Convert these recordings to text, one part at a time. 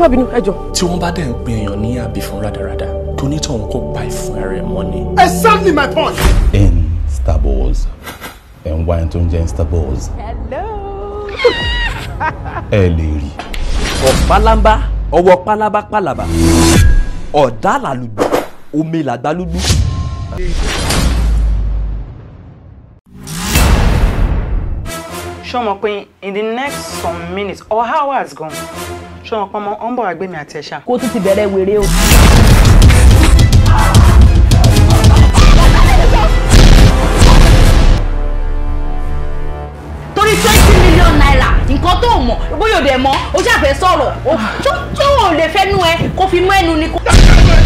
má bínú ẹ tí wọ́n bá dẹ̀ ń pin èèyàn ní àbí rádaràda tó ní tòun kó pa ìfún ẹ̀rẹ̀ mọ́ ni. exactly my point. in Star Wars ẹ̀ ń wá ẹni tó ń jẹ́ Star Wars. hello. ẹ lè rí. ọ̀pálábá ọwọ́ pálábá pálábá ọ̀dà làlùbọ̀ omi làgbálúgbú. ṣọmọ pé in the next some minutes or hours gan ṣọmọ pé ọmọ ọmọ àgbẹ̀ mi àti ẹ̀ṣà. kó tún ti bẹ̀rẹ̀ wèrè o. torí twenty million naira nǹkan tó mọ̀ bóyá ò dẹ̀ mọ́ o ṣàfẹ́ sọ̀rọ̀ o tó o lè fẹ́ nú ẹ kó fi mọ́ ẹnu ni kó.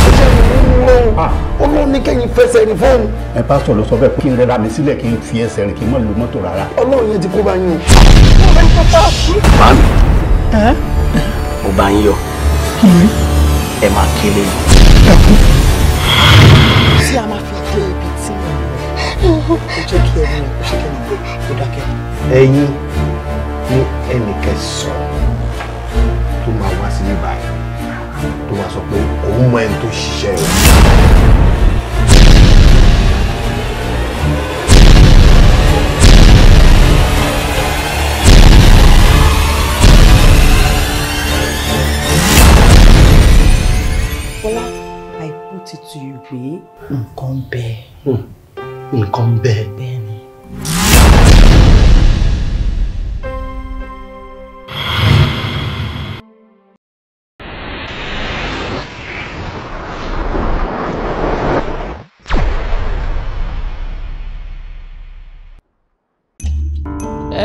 ṣe ìwúrò Ọlọ́run ní fóònù. ẹ pásítọ̀ ló sọ bẹ́ẹ̀ kí n rẹ́ra mi sílẹ̀ kí n fi ẹsẹ̀ rìn kí n má lo mọ́tò rárá. Ọlọ́run yẹn ti kó bá yín o. mo bá ń yọ ẹ máa kéré yìí. a máa fi dé ibi tí mo jẹ́ kí ẹni ò ṣe kẹ́ni pé ó dákẹ́. ẹ̀yin ni ẹnì kẹsàn-án tó máa wá sílé báyìí tó máa sọ pé òun mọ ẹni tó ṣiṣẹ́ rẹ̀. Bọ́lá, I put it to you pé hmm. nǹkan ń bẹ. Hmm. Nǹkan ń bẹ. Bẹ́ẹ̀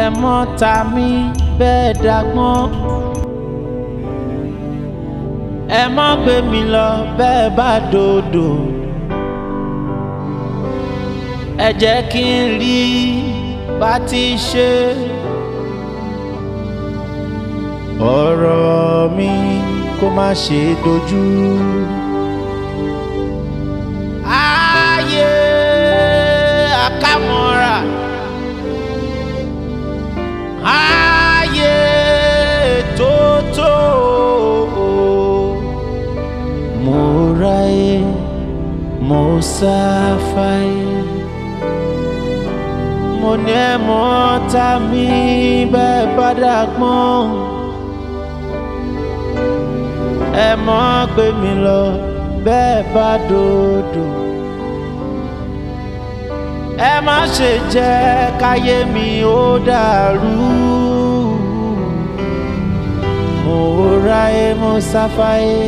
ẹ mọ́ ta mí bẹ́ẹ̀ dagbọ́n ẹ mọ́ gbé mi lọ bẹ́ẹ̀ bá dòdò ẹ jẹ́ kí n rí bá ti ṣe ọ̀rọ̀ mi kó má ṣe dojú. ayé àkàmọ́ ayé tó tó mo ráyè mo sáfáyé mo ní ẹ mọ́ ta mi bẹ́ẹ̀ bá dàgbọ́n ẹ mọ́ gbé mi lọ bẹ́ẹ̀ bá dòdò ẹ má ṣe jẹ́ káyé mi ó dàrú mo ra ẹ mo sáfáyé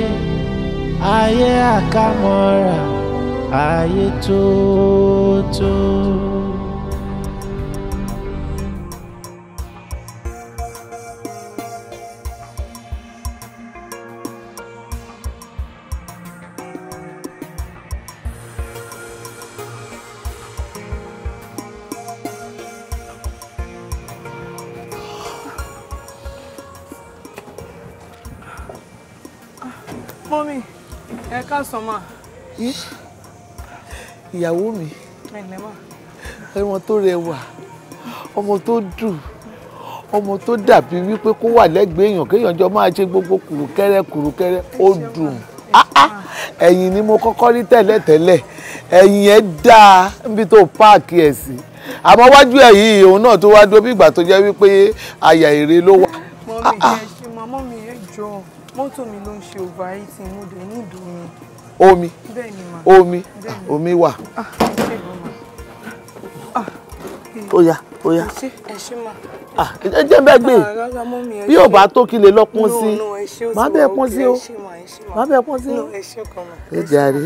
ayé àkàmọ́ra ayé tó tó. sàn mà. ìyàwó mi ọmọ tó rẹwà ọmọ tó dùn ọmọ tó dàbí wípé kó wà lẹ́gbẹ̀ẹ́ èèyàn kéèyàn jọ máa ṣe gbogbo kùrùkẹ́rẹ́ kùrùkẹ́rẹ́ ó dùn ah, ah, ẹ̀yìn ni mo kọ́kọ́ rí tẹ́lẹ̀tẹ́lẹ̀ ẹ̀yìn ẹ̀ dáa níbi tó páàkì ẹ̀ sí àmọ́ wájú ẹ̀ yìí òun náà tó wá dúró bí ìgbà tó jẹ́ wípé àyà èrè ló wà. mọ́mí ah, ẹ ṣe màmá mi ẹ jọ mọ́tò mi ló ń ṣe overheating mo dé ní ìdùnnú omi omi ah, omi wà. Ah, ah, ó yá ó yá ẹ jẹ́ bẹ́ẹ̀ gbé bí ò bá tó kí lè lọ pọ́n sí má bẹ́ẹ̀ pọ́n sí o má bẹ́ẹ̀ pọ́n sí o ẹ jàre.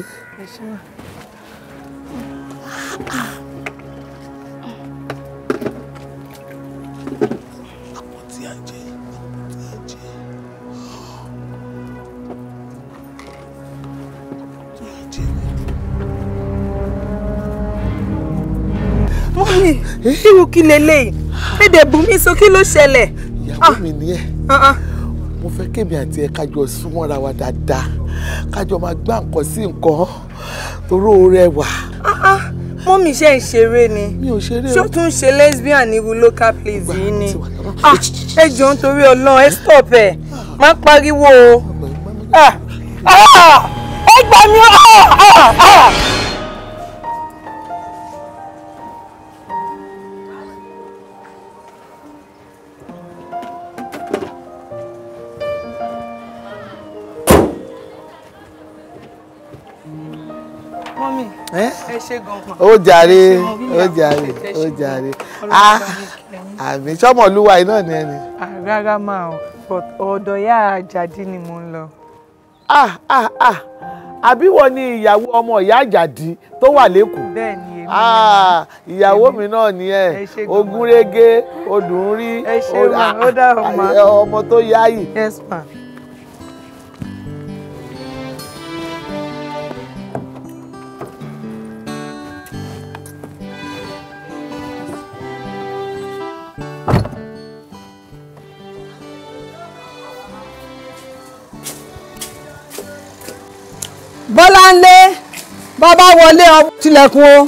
Eh, irú kí leléyìí èdè bùnmi sọ kí ló ṣẹlẹ̀. ìyàwó ah. mi ni ẹ ah, ah. mo fẹ́ kémi àti ẹ kájọ súnmọ́ra wa dáadáa kájọ máa gbá nǹkan sí nǹkan toró rẹwà. mọ́ mi ṣe ń ṣeré ni mi ò o ṣó tún ṣe lesbian ní irú local place yìí ni ẹ jọ̀ọ́ nítorí ọlọ́run ẹ stop ẹ má pariwo o ẹ gbà mí ọ. O jàre o jàre ó jàre àmì sọmọlúwa iná ni ẹni. rárá máa o but ọ̀dọ̀ ìyá àjàdí ni mo lo. ah ah ah Abi wọ́n ní ìyàwó ọmọ ìyá àjàdí tó wà lẹ́kọ̀ọ́. bẹ́ẹ̀ ni èmi ah, náà ìyàwó mi náà ni ẹ ogúnrégé odùnrí ah, ọmọ tó yáyì. yes ma. bá ń lé bá bá wọlé ọ tilẹ̀kùn o.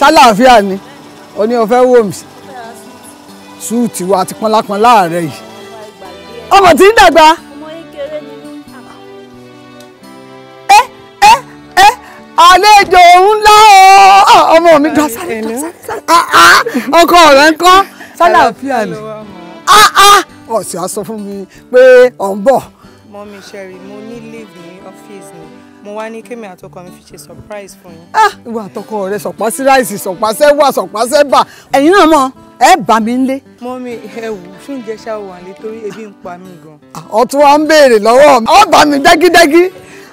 sálàáfíà ni o ní o fẹ́ wò mí súùtì wa àti pọnlápọn láàárẹ̀ yìí ọmọ tí ń dàgbà. ẹ ẹ ẹ àlejò ńlá o ah, ọmọ mi gan sáré ah, ah, ọkọ rẹ ń kọ́ sálàáfíà ni ọ̀sẹ̀ á sọ fún mi pé ọ̀ ń bọ̀. mọ́mí sherry mo ní leave ní ọ́fíìsì ni mo wá ní kémi àtọkọ mi fi ṣe surprise fún yín. ah ìwà àtọkọ rẹ sọpá sí ráìsì sọpá sẹ́wà sọpá sẹ́bà ẹ̀yin náà mọ̀ ẹ bà mí nlé. mọ́mí ẹ wù ṣúǹjẹ ṣàwọ̀ àlè torí ebi ń pa mí gan. ọtún ah, wa ń béèrè lọ́wọ́ mi ọ bà mí dẹ́gídẹ́gí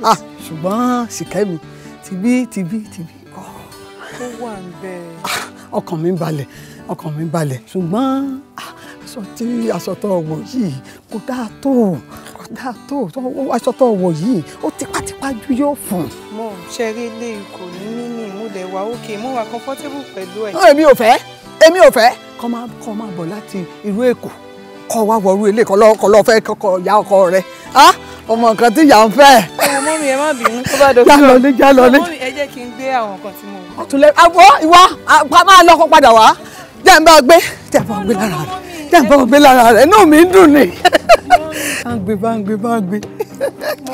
ah, ṣùgbọ́n ṣìkẹ́mi tìbí tìbí tìbí kọ́. ó wà ń bẹ́ẹ̀. Ah, ọkàn mi balẹ̀ ọkàn mi balẹ̀ ṣùgbọ́n aṣọ tí aṣọ tó wọ̀ yìí kò dáa tó kò dáa tó aṣọ tó wọ̀ yìí ó tipátipá ju yóò fún. mo ṣe eré ilé ikò ní ìmúlẹ̀ wa òkè mo wà comfortable pẹ̀lú ẹ̀. èmi ò fẹ́ èmi ò fẹ́ kọ́ máa kọ́ máa bọ̀ láti ìlú Èkó kọ́ wá wọ̀rú ilé kọ́ lọ́ọ́ fẹ́ kọ́kọ́ ya ọkọ rẹ̀ ọmọ nǹkan tí yà ń fẹ́. ọmọ mọ́mí ẹ má bínú tó bá dọ̀tí ọ̀ jálọlé jálọlé. ọmọ mi ẹ jẹ́ kí n gbé àwọn nǹkan tí mo wọ. ọtún ìwà máa lọ́kọ̀ padà wá jẹ́ n bá gbé tẹ̀ fún gbé rẹ̀ dá bá wọn gbé lára rẹ̀ náà mi ń dùn ni. báńgbé báńgbé báńgbé.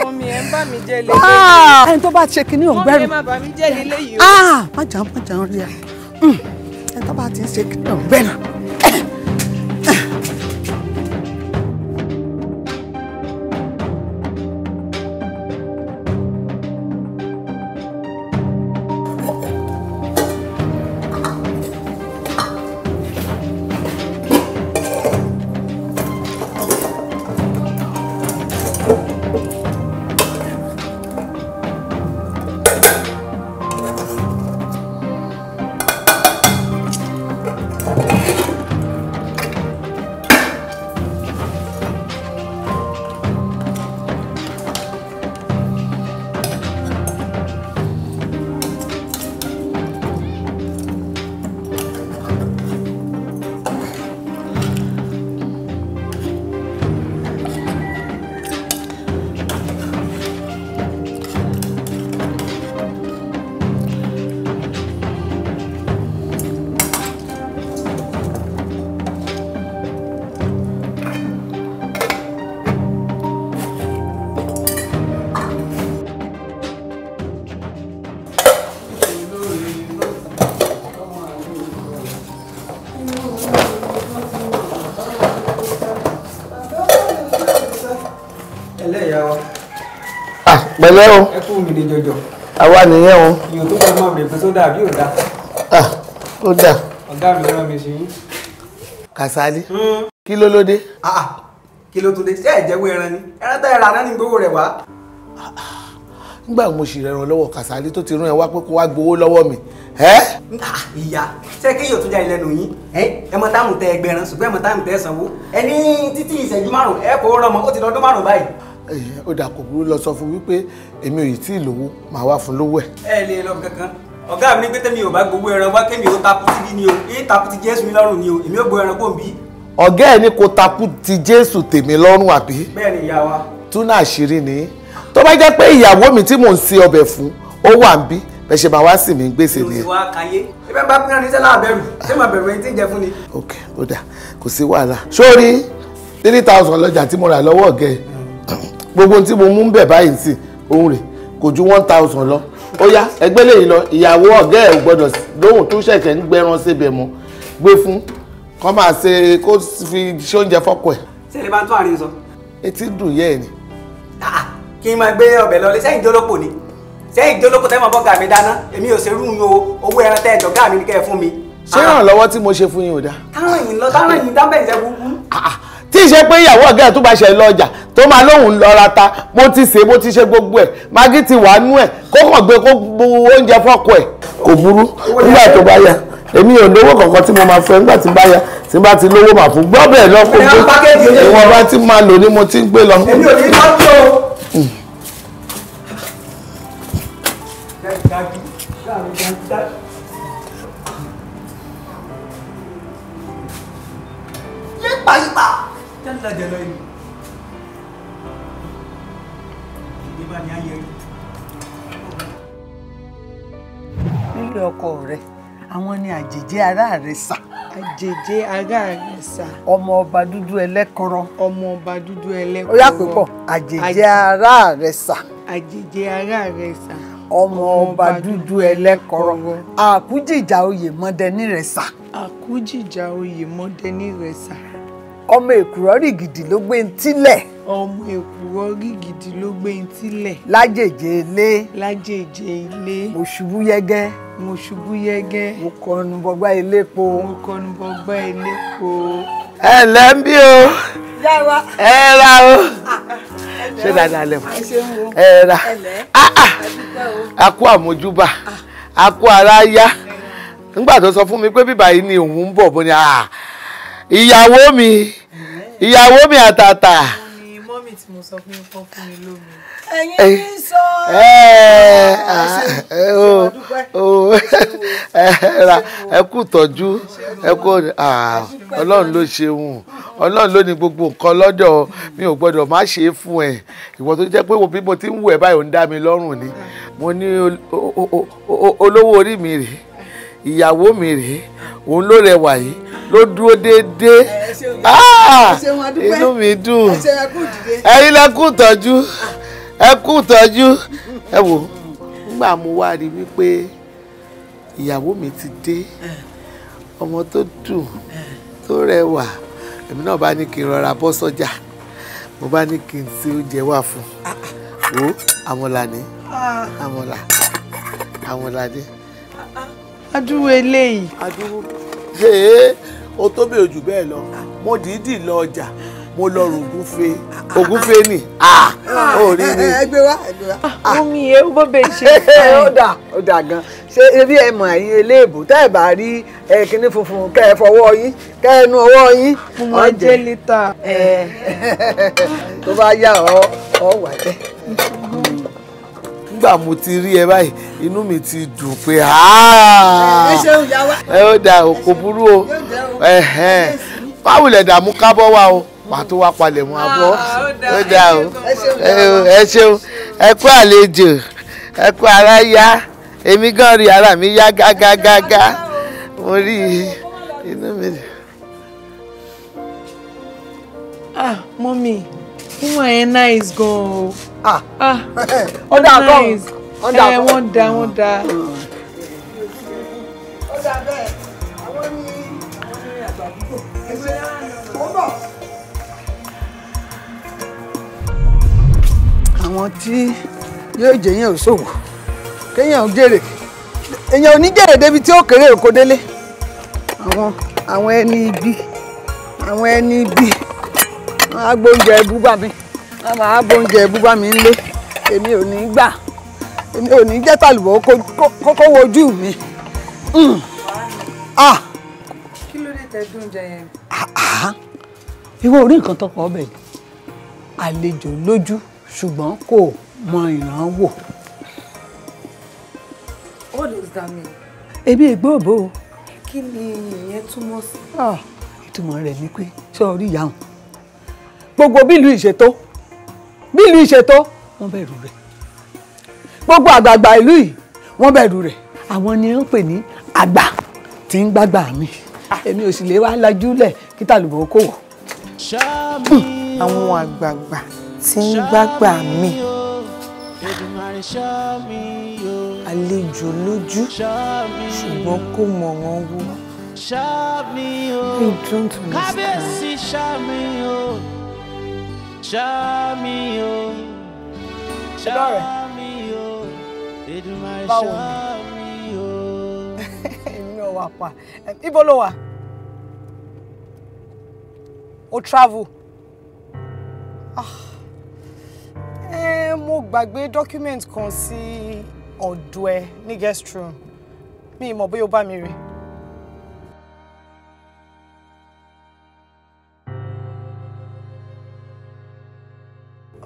mọ̀mí ẹ̀ ń bà mí jẹ́ lélẹ́ yìí. Ah! ẹni tó bá ṣe kinní ọ̀gbẹ́rù. mọ̀mí ẹ̀ má bà mí jẹ́ lélẹ́ yìí o. Ah! májà májà ń rí ẹ hmm. ẹni tó bá ti ń ṣe kinní ọ̀gbẹ́rù. pẹ̀lẹ́ o ẹ kú mi ní jọjọ àwa nìyẹn o. ìyóò tó fẹ́ mọ̀ mi pé sódà àbí òdà. ah ó dà. ọ̀gá mi rán mi sí yín. Kàsálí hmm. kí ló ló dé. Ah, ah. kí ló tó dé ṣé ẹ̀jẹ̀wé ẹran ni ẹran tá ẹ̀ràn ní gbowó rẹ̀ wá. nígbà mo sì rẹ̀ràn lọ́wọ́ Kàsálí tó ti rán ẹ wá pé kó wá gbowó lọ́wọ́ mi ah, ìyá ṣé kéèyàn tún já ilẹ̀ nù yín ẹ mọ táwọn tẹ ẹgbẹ̀rún ṣùgbọ́n ẹ mọ táwọn tẹ ẹ sanwó ẹ ní títí ìṣẹ́jú márùn-ún ẹ kò rọmọ ó ti lọ́dún márùn-ún báyìí ó dà kò burú lọ sọ fún wípé èmi ò yìí tí ì lówó màá wá fún lówó ẹ̀. ẹ lè lọ kankan ọ̀gá mi ní pé tẹ́mi ò bá gbowó ẹran wá kémi ò takú ti ní o èyí takú ti jésù mi lọ́rùn ni o èmi ò gbowó ẹran kò ń bí. ọ̀gá ẹ̀ ní kò takú ti jésù tèmi lọ́rùn àbí. bẹ́ẹ̀ni ìyá wa. túnà àṣírí ni tó bá jẹ́ pé ìyàwó mi tí mò ń se ọbẹ̀ fún ó wà ń bí bẹ́ẹ̀ ṣe máa wá sí mi gbèsè ni. ìwà kàyé ẹgbẹ́ bá pínlẹ̀ ní sẹ́lá àbẹ̀rù ṣé màá bẹ̀rù ẹni tí ń jẹ fún ni. ok ó dà kò sí wàhálà sórí three thousand lọ́jà tí mo rà lọ́wọ́ ọ̀gá ẹ̀ gbogbo tí mo mú ń bẹ̀ báyìí sí òun rè kò ju one thousand lọ ó yá ẹgbẹ́ lèyìn lọ ìyàwó ọ̀gá ẹ̀ ò gbọ́dọ̀ lóhùn tó ṣẹ̀ṣẹ̀ ń gbẹran síbẹ̀ mọ́ gbé fún kọ́ máa ṣe kó fi ṣe oúnjẹ fọ́kọ ẹ̀. sẹ́ni bá tún àárín sọ. etí dùn yẹ́ ẹ̀ ni. Ah, kí n máa gbé ọbẹ̀ lọ sẹ́yìn jólópò ni sẹ́yìn jólópò tẹ́ mọ̀ bọ́gà mi dáná èmi ò ṣerú mi o owó ẹran tẹ́ ẹ̀dọ̀gá mi ni kẹ́ ẹ fún mi. ṣé ìrànlọ́wọ́ tí mo ṣe fún yín ò dáa. táwọn èyí lọ táwọn èyí dábẹ̀ ìṣẹ́ gbogbo tí ì ṣe pé ìyàwó ọ̀gá ẹ̀ tó bá ṣe lọ ọjà tó máa lóhùn lọ́ra ta mo ti sè mo ti ṣe gbogbo ẹ̀ magi ti wà nú ẹ̀ kó kàn gbé kó bu oúnjẹ fọ́kọ ẹ̀. kò burú nígbà tó bá yá èmi ò lówó kankan tí mo máa fẹ́ nígbà tí bá yá tí bá ti lówó màá fún gbọ́ bẹ́ẹ̀ lọ gbé ìwọ̀n bá ti máa lò ní mo ti ń gbé lọ. èmi ò ní bá hmm. tó. ń lajẹ lọ yìí ìdíbà ni a yẹ rí. nílé ọkọ rẹ àwọn ni àjèjì ará rẹ sà. àjèjì ará rẹ sà. ọmọ ọba dúdú ẹlẹ́kọrọ. ọmọ ọba dúdú ẹlẹ́kọrọ. ó yà àjèjì ará rẹ sà. àjèjì ará rẹ sà ọmọ ọba dúdú ẹlẹ́kọ̀ọ́rọ́ àkújìjà oyè mọ́dẹ nírẹ̀sà. àkújìjà oyè mọ́dẹ nírẹ̀sà. ọmọ èkùrọ́ gidi ló gbé ń tílẹ̀. ọmọ ló gbé ń lájèjì ilé. lájèjì ilé. mo ṣubú yege. mo ṣubú yẹ́gẹ́. mo kọnu elépo. mo kọnu elépo. ẹ ń ah, ah, o. ẹ ra ah, o. ṣé dáadáa lẹ mọ. ẹ a kú àmójúbà a kú aráyá tó sọ fún mi pé bíbá yìí ni òun bọ̀ ìyàwó mi ìyàwó mi àtàtà. mọ́mí tí mo sọ fún kọ́ fún mi lómi. ẹ̀yin ní eh, sọ ẹ kú tọ́jú ẹ kú ah, ọlọ́run ló ṣeun ọlọ́run ló ní gbogbo nǹkan lọ́dọ̀ mi ò gbọ́dọ̀ má ṣe é fún ẹ ìwọ tó jẹ́ pé bí mo ti ń wù ẹ́ báyìí ò ń dá mi lọ́rùn ni mo ní olówó orí mi rèé ìyàwó mi rèé òun ló rẹwà yìí ló dúró déédéé ah! inú mi dùn ẹ̀yin lẹ kú tọ́jú ẹ kú tọ́jú ẹ wò nígbà mo wá rí wípé ìyàwó mi ti dé ọmọ tó dùn tó rẹwà èmi náà bá ní kí n rọra bọ́ sọ́jà mo bá ní kí n ṣe oúnjẹ wà fún un ah, ah. wo àmọ̀là ni àmọ̀là àmọ̀là ni adúrú eléyìí. adúrú ee o tó bèrè jù bẹ́ẹ̀ lọ mo dìídì lọ ọjà mo lọ rògúnfe ògúnfe nì ó rí mi. ẹgbẹ́ wa ẹgbẹ́ wa. Ah, omi ẹ ó bọ́ bẹ́ẹ̀ ṣe. ó dà ó dà gan ṣé ebi ẹ mọ̀ ẹ̀yin eléèbó tá ẹ bá rí ẹ kíní funfun kẹ́ ẹ fọwọ́ yín kẹ́ ẹ nu ọwọ́ yín. mo máa jẹ lítà. tó bá yá ọ ọ wà jẹ. nígbà mo ti rí ẹ báyìí inú mi ti dùn pé ah! ẹ ó da òkò burú o báwo lè dààmú kábọ̀ wá o pàtó wá palẹ̀ mọ́ abọ́ ah, ó da o ẹ ṣeun ẹ kú àlejò ẹ kú ara yá èmi gan rí ara mi yá gágágágá mo rí inú mi. ah mọ́mí fún ẹ̀ nice gan-an o. ah, ah ọ̀dà kan ẹ wọ́n da eh, wọ́n da. ó dà bẹ́ẹ̀ àwọn ní àwọn ní àgbà àdúgbò ẹgbẹ́ ó bọ̀. àwọn tí yóò jẹ́yàn ò ṣòwò kéèyàn ò jèrè èèyàn ò ní jèrè débi tí ó kéré òkò délé àwọn àwọn ẹni ibi àwọn ẹni ibi wọn á gbóúnjẹ ẹbú bá mi wọn máa gbóúnjẹ ẹbú bá mi ń lé èmi ò ní gbà èmi ò ní jẹ́ tàlùbọ̀ kókó wojú mi. Hmm. Ah. kí ló dé tẹ́jú oúnjẹ yẹn. Ah, ah. ìwọ orí nǹkan tọkọ ọbẹ̀ yìí àlejò lójú ṣùgbọ́n kò mọ ìran wò. what does that mean. ebi ègbóòbó. kí ni ìyẹn túmọ̀ sí. ìtumọ̀ rẹ̀ ni pé ṣé ìyá hàn gbogbo bí ìṣètò bí ìṣètò wọ́n bẹ̀rù rẹ̀ gbogbo àgbààgbà ìlú yìí wọ́n bẹ̀rù rẹ̀ àwọn ni wọ́n pè ní àgbà tí ń gbàgbà mi ah, èmi ò sì lè wá lajú lẹ̀ kí tàlùbọ̀ kò wọ̀. Hmm, àwọn àgbààgbà tí ń gbàgbà mi àlejò lójú ṣùgbọ́n kò mọ̀ wọ́n wú. I don't understand. Ṣáàmì o. Ṣé bá rẹ̀? báwo èmi náà wà pa ibo ló wà o travel ah eh, mo gbàgbé document kan sí ọ̀dọ̀ ẹ ní guest room mi mọ̀ bóyá o bá mi rí.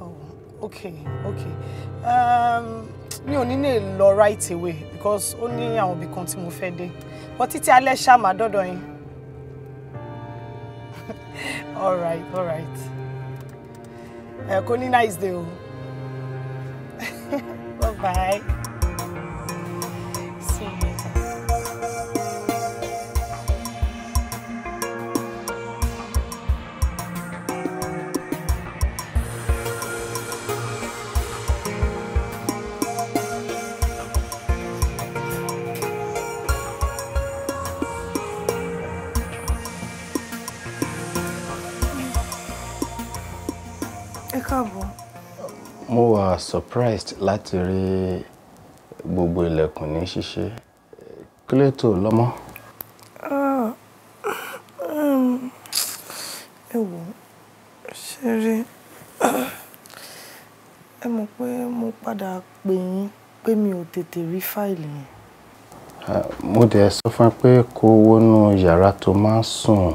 Oh, okay, okay. Um, mi ò ní lè lọ right away because ó ní àwọn ibì kan tí mo fẹ́ dé but títí alẹ́ ṣá máa dọ́dọ̀ yín all right all right ẹ kò ní nice day o bye bye. surprised láti rí gbogbo ilẹ̀kùn ní ṣíṣe kílẹ̀tò lọ́mọ. ẹ ah, um, wò ṣe rí ẹ mọ̀ pé mo padà pè yín pé mi ò tètè rí fáìlì yẹn. Ah, mo dẹ̀ sọ fún ẹ pé kó wọnú yàrá tó máa ń sùn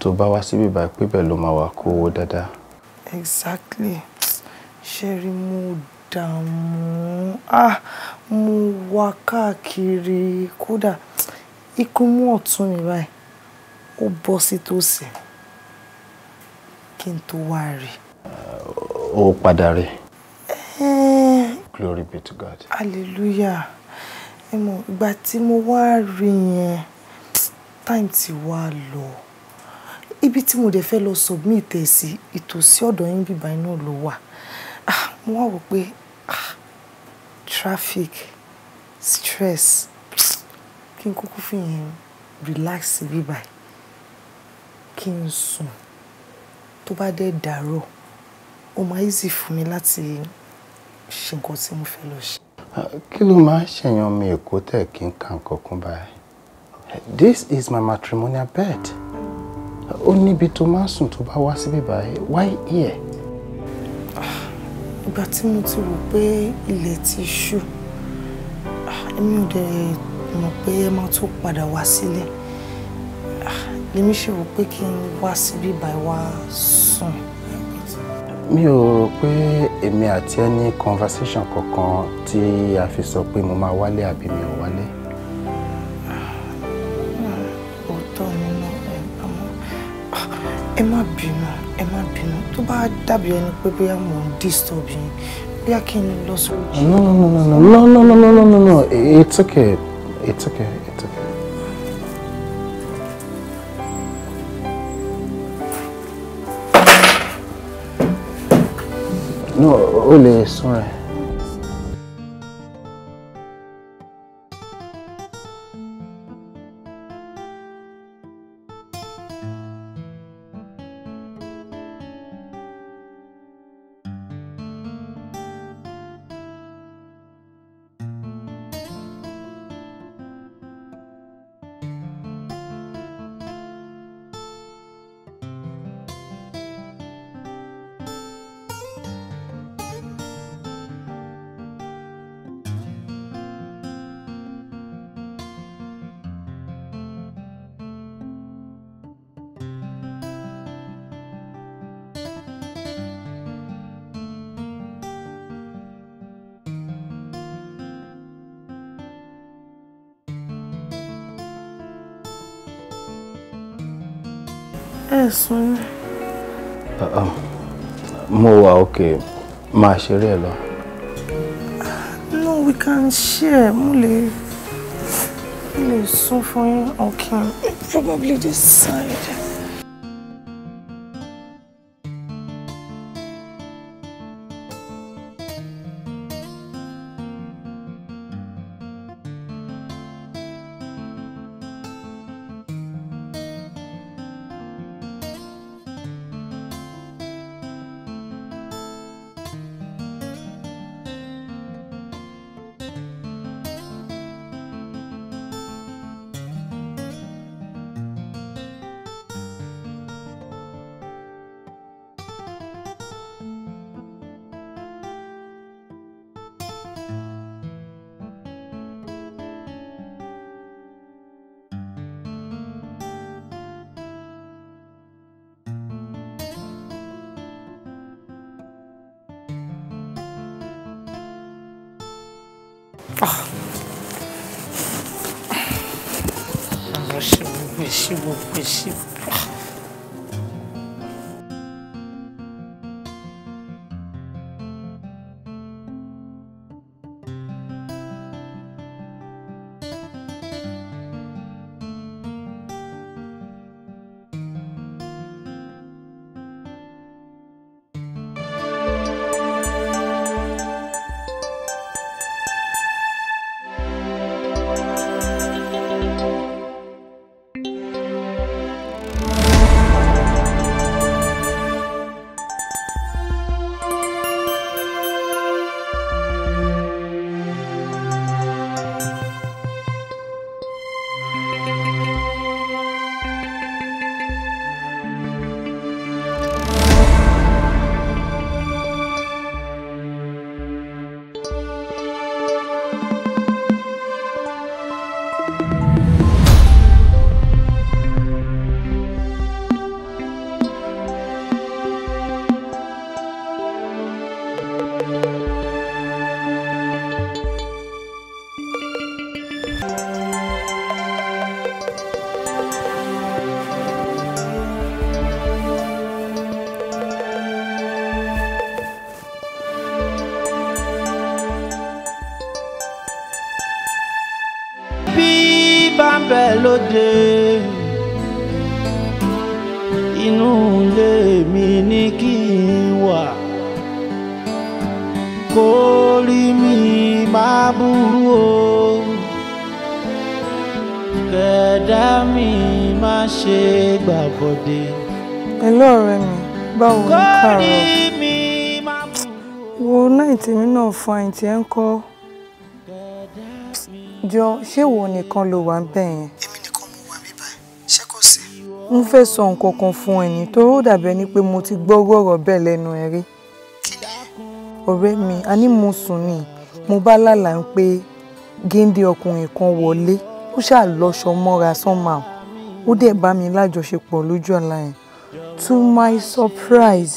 tó bá wá síbí báyìí pé bẹ́ẹ̀ ló máa wà kó wọ dáadáa. exactly ṣẹ́rí mo dààmú ah mo wá káàkiri kódà ikún mú ọ̀tún mi báyìí ó bọ́ sí tòsí kí n tó wá rí. ó padà rí. glory be to God. hallelujah ẹ mọ̀ ìgbà tí mo wá rí yẹn time ti wá lọ ibi tí mo dẹ̀ fẹ́ lọ submit ẹ̀ sí ìtòsí ọ̀dọ̀ yín bíbá iná ló wà. Ah, mo wá wò pé ah, traffic stress kí n kúkú fi yẹn relax bí báyìí kí n sùn tó bá dé dàárọ̀ ó máa easy fún mi láti ṣe nǹkan tí mo fẹ́ lọ ṣe. Ah, kí ló máa ń ṣèyàn mi èkó tẹ̀ kí n kà nǹkan kún báyìí this is my matrimonial bed ó níbi tó máa ń sùn tó bá wá síbí báyìí why here ìgbà tí mo ti rò pé ilẹ̀ ti ṣú ah, èmi ò dẹ̀ mọ̀ pé ẹ máa tó padà wá sílé ah, lèmi ṣe rò pé kí n wá síbí báyìí wá sùn. mi ò rò pé èmi àti ẹ ní conversation kankan tí a fi sọ pé mo máa wálé àbí mi ò wálé. Ah, ẹ má bínú tó bá dàbí ẹni pé bóyá mò disturb yín bóyá kí n lọ sórí. no no no no no no no no no no no it's okay it's okay it's okay. no only sorry. sùn. Uh, mo wà okay máa ṣeré ẹ lọ. no we can share mo lè mo lè sún fún yín or can probably tiẹ̀ ń kọ́ jọ ṣé wo nìkan ló wà bẹ́ẹ̀ yẹn. èmi nìkan mo wà bíbá ṣé kò sí. mo fẹ́ sọ nǹkan kan fún ẹni tó ó dàbẹ́ ni pé mo ti gbọ́ rọ̀rọ̀ bẹ́ẹ̀ lẹ́nu ẹ rí. ọ̀rẹ́ mi a ní mo sùn ni mo bá lálàá pé géńdé ọkùnrin kan wọlé ó ṣáà lọ́ṣọ mọ́ra somehow ó dẹ̀ bá mi lájọṣepọ̀ lójú ọ̀la to my surprise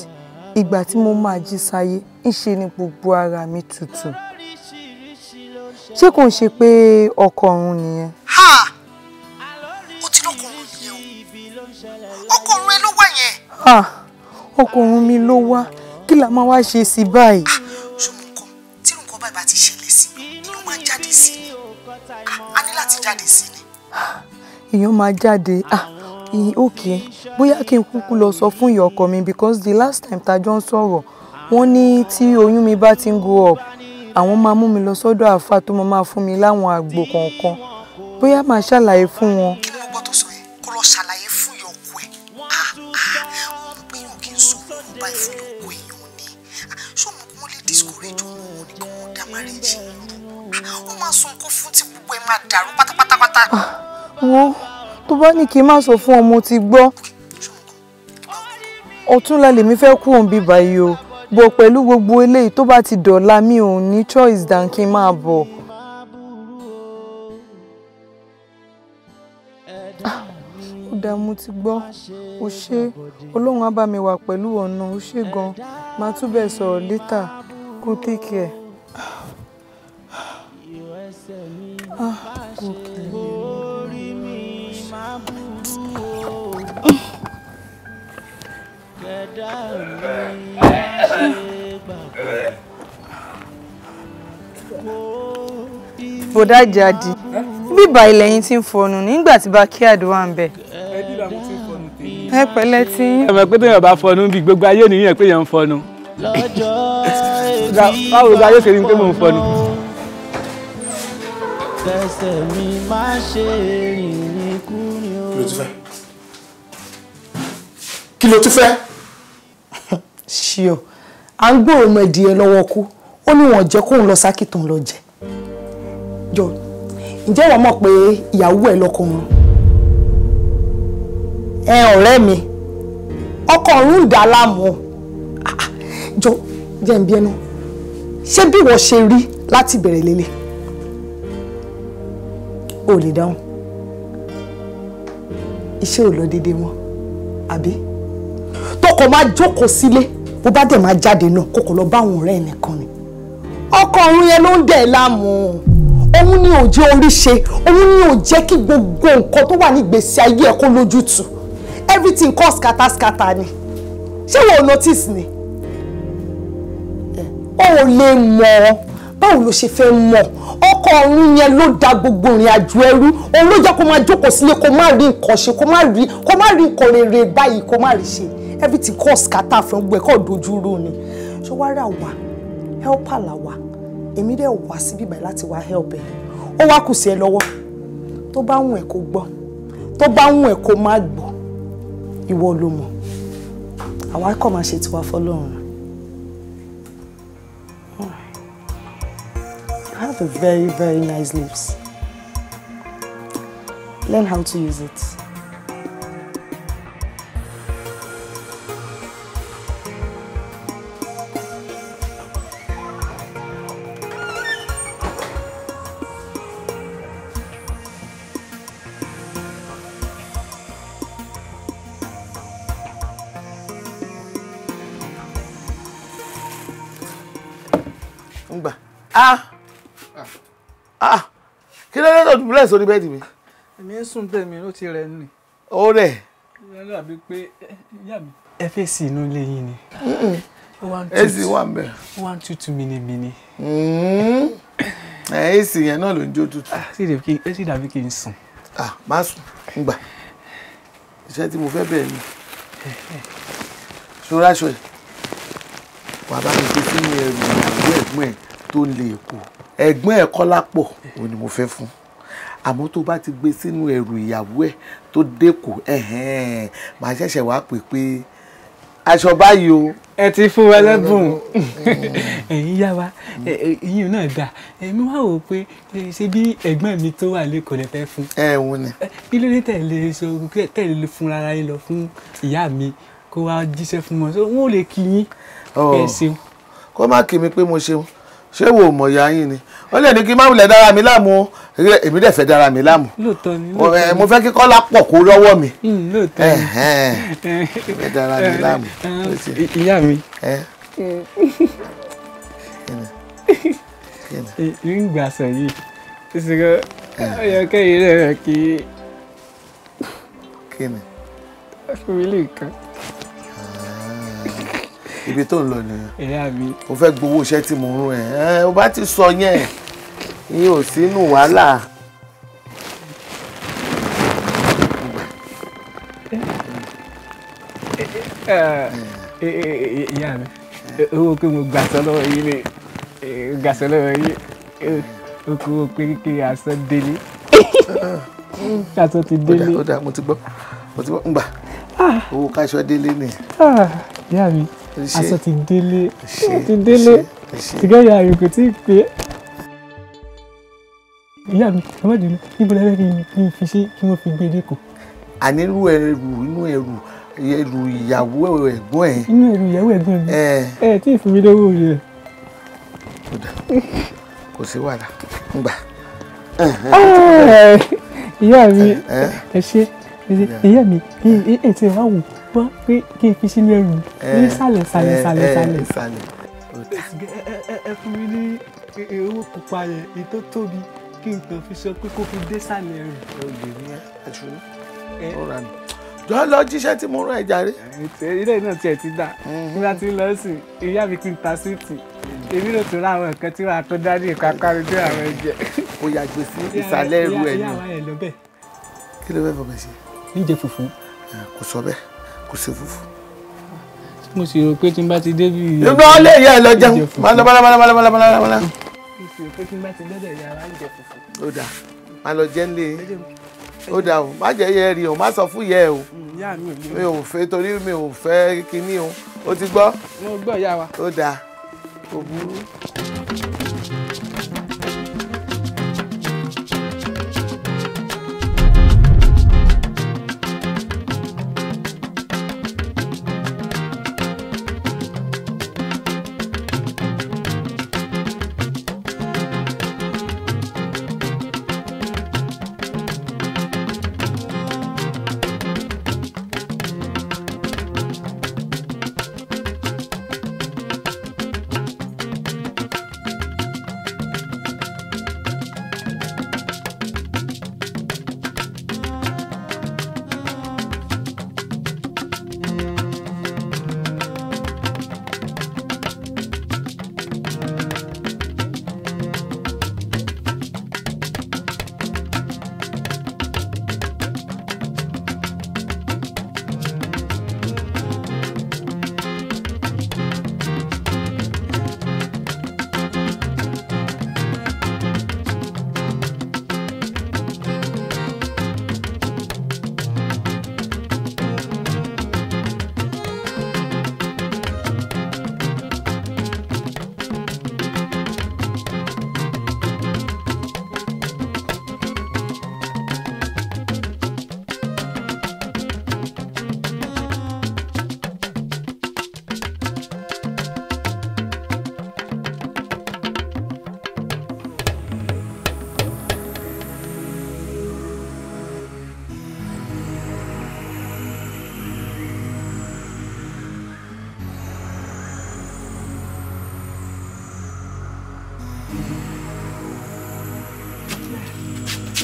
ìgbà tí mo máa jí sáyé ńṣe ni gbogbo ara mi tutù ṣé kò ń ṣe pé ọkọ ọ̀run nìyẹn. ha ó ti lọ́kọ ọ̀run nìyẹn o ọkọ ọ̀run ẹ ló wà yẹn. ha ọkọ ọ̀run mi ló wá kí la máa wá ṣe sí báyìí. Ah, ṣùgbọ́n nǹkan tí nǹkan báyìí bá ti ṣẹlẹ̀ sí inú máa jáde sí ni ah, a ní láti jáde sí ni. Ah, èèyàn máa jáde ah okay bóyá kí n kúkú lọ sọ fún ìyá ọkọ mi because the last time tá jọ ń sọ̀rọ̀ wọ́n ní tí oyún mi bá ti ń go up àwọn máa mú mi lọ sọ́dọ̀ àfa tó máa máa fún mi láwọn àgbo kọ̀ọ̀kan bóyá màá ṣàlàyé fún wọn. ìwọ gbọ́ tó sọ yẹn kó lọ ṣàlàyé fún ìyá ọkọ ẹ̀ ah, ah. mo mọ̀ pé yóò kí n sọ fún ọba ìfún ìyá ọkọ èèyàn ni ṣó mo kún lè discourage ọmọ wọn ni kí wọ́n dá ah, márẹ́jì yẹn tó bá ní kí n má sọ fún ọ ti gbọ́ ọ̀túnla lèmi fẹ́ kú òun bíbá o bọ̀ pẹ̀lú gbogbo eléyìí tó bá ti dọ̀la mi ò ní choice dan kí n máa bọ̀. Ah, ó dáa mo ti gbọ́ ó ṣe ọlọ́run á bá mi wà pẹ̀lú ọ̀nà ó ṣe gan máa túbẹ̀ sọ̀rọ̀ létà kó take care. Ah. Ah. ẹ̀dá mi á ṣe gbàgbọ́. bòdá jáde bíbá ilẹ̀ yín ti ń fọnù nígbà tí bá kí àdúrà ń bẹ̀. ẹ pẹ̀lẹ́ tí. ẹ mọ̀ pé téèyàn bá fọnù bí gbogbo ayé nìyẹn pé èèyàn ń fọnù. lọ́jọ́ èmi bá fọnù báwo ni ayé ṣe ní pé mò ń fọnù. fẹsẹ̀ mi máa ṣe rìnrìn kúrin o. kí ló tún fẹ́. kí ló tún fẹ́ ṣíọ à ń gbòòrò ọmọ ẹdìyẹ lọ́wọ́ kú ó ní wọn jẹ́ kóun lọ sákì tó ń lọ jẹ jọ ǹjẹ́ wọ́n mọ̀ pé ìyàwó ẹ̀ lọ́kùnrin ẹ ọ̀rẹ́ mi ọkọ ọ̀run ń dà láàmú ah, jọ jẹ́ ń bí ẹnu ṣé bí wọ́n ṣe rí láti bẹ̀rẹ̀ lélẹ̀ o lè dáhùn iṣẹ́ ò lọ déédéé mọ́ àbí tọkọ máa jókòó sílé. Si bó bá dẹ̀ máa jáde náà kò kò lọ bá àwọn ọ̀rẹ́ nìkan ni ọkọ ọ̀run yẹn ló ń dẹ̀ láàmú òun ni ò jẹ́ oríṣe òun ni ò jẹ́ kí gbogbo nǹkan tó wà ní ìgbésí ayé ẹ̀ kó lójútùú everything kọ́ skata ni ṣé wọn ò notice ni ó lè mọ̀ ọ́ báwo ló ṣe fẹ́ mọ̀ ọkọ ọ̀run yẹn ló da gbogbo ìrìn àjò ẹrú òun ló jẹ́ kó máa jókòó sílé kó má rí nǹkan ṣe kó má rí nǹkan rere báyìí kó má rí ṣe everything kọ́ skata fún gbogbo ẹ̀ kọ́ dojú rú ni ṣé wàá rà wá helper là wá èmi dẹ̀ wá síbí báyìí láti wá help ẹ̀ ó wá kù sí ẹ lọ́wọ́ tó bá wùn ẹ̀ kó gbọ́ tó bá wùn ẹ̀ kó má gbọ́ ìwọ ló mọ̀ àwa kọ́ máa ṣe tiwa fọlọ́run. You have a very, very nice lips. Learn how to use it. Ah. ah ah kí ló dé tó dùbúlẹ̀ sórí bẹ́ẹ̀dì mi. èmi ń sùn tèmi ló ti rẹ̀ nì. ó rẹ̀. ó dàbí pé ìyá mi. ẹ fẹ́ sí inú ilé yín ni. èsì wà ń bẹ̀. one two two mini mini. ẹ èsì yẹn náà ló ń jó tutù. Ah, ẹ sì dàbí kí n sùn. ah má sùn ń gbà iṣẹ́ tí mo fẹ́ bẹ̀rẹ̀ ni ṣọ́ra ṣọ́ ẹ̀ wà bá mi gbé sínú ẹrù ìyàwó ẹ̀gbọ́n ẹ̀ tó lè kó ẹ̀gbọ́n ẹ̀ Kọ́lápọ̀ òun ni mo fẹ́ fún àmọ́ tó bá ti gbé sínú ẹrù ìyàwó ẹ̀ tó dẹ́kọ̀ ẹ̀hẹ́n màá ṣẹ̀ṣẹ̀ wá pè pé aṣọ báyìí o. ẹ ti fún wa lẹ́bùn ẹ̀yin yá wa ẹ̀yin náà dà èmi wá wò pé ṣé bí ẹ̀gbọ́n mi tó wà lẹ́kọ̀ọ́ lẹ fẹ́ fún. ẹ òun ni. kí ló dé tẹ̀lé sọ tẹ̀lé fún rárá yín lọ fún ìyá mi kó wá jíṣẹ́ fún wọn wọn ò lè kí yín. ẹ ṣeun. kó má kí mi pé mo ṣeun ṣé wo mọ̀ ya yín ni wọ́n lè ní kí máwùlẹ̀ dára mi láàmú èmi dẹ̀ fẹ́ dára mi láàmú eh, mo fẹ́ kí Kọ́lá pọ̀ kó lọ́wọ́ mi hmm, fẹ́ dára mi láàmú. Eh, eh, ìyá mi ń gbà sàn yìí ìṣòro ọyọkẹ́ yìí rẹ̀ kí. kí ni. fún mi lè kàn ibi tó ń lọ nìyẹn. ìyá mi. o fẹ́ gbowó iṣẹ́ tí mo ń rún ẹ̀ ẹ́ o bá ti sọ yẹn ìyẹn ò sínú wàhálà. ìyá mi owó pé mo gbàsọ́ lọ́wọ́ yìí ni gbàsọ́ lọ́wọ́ yìí o kò wọ́n pé kékeré aṣọ délé aṣọ ti délé. ó dà mo ti gbọ́ mo ti gbọ́ ń gbà ah. owó káṣọ délé ni. Ah, ìyá mi aṣọ ti délé ti délé tìgẹ́yà ayò kò tí ì pé ìyá mi ẹ má dùn níbo lẹ́rẹ́ kí n fi ṣe kí wọ́n fi gbé e lẹ́kọ̀ọ́. ànírú ẹrù inú ẹrù ẹrù ìyàwó ẹ̀gbọ́n ẹ̀. inú ẹrù ìyàwó ẹ̀gbọ́n mi ẹ tí ì fún mi lówó rẹ. kò sí wàhálà ngbà. ìyá mi ẹ ṣe ìyá mi ẹ ti wá wò gbọ́ pé kí n fi sínú ẹrù ní sàlẹ̀ sàlẹ̀ sàlẹ̀ sàlẹ̀ sàlẹ̀. ẹ fún mi ní owó pupa yẹn èyí tó tóbi kí n kàn fi sọ pé kó fi dé sàlẹ̀ ẹrù. ẹ ò lè ní ẹ aṣọ ọ̀rọ̀ àná jọ lọ jíṣẹ́ tí mo rán ẹ jàre. ilé náà tiẹ̀ ti dà nígbà mhm. tí lọ sí ìyá mi kì í ta síìtì èmi ló tún láwọn nǹkan tí wàá tó dání ìka kárí dé àwọn ẹ̀jẹ̀. ó yà gbé sí ìsàlẹ̀ ẹrú ẹ̀ ni kí ló fẹ́ fọmọ sí. níjẹ fùfú. kò sọ bẹ́ẹ̀ kò sí fùfú. mo sì rò pé tí n bá ti débi. ìgbà wọn lè yẹ ẹ lọ jẹun máa lọ bálá bálá bálá mo sì rò pé tí n bá ti dọ́dọ̀ ìyá wa ń jẹ fùfú. ó dà máa lọ jẹ́ nílé ó dà o má jẹ́ yẹ rí o má sọ fún yẹ o mi ò fẹ́ torí mi ò fẹ́ kinní o o ti gbọ́. mo gbọ́ ìyá wa. ó dà kò burú.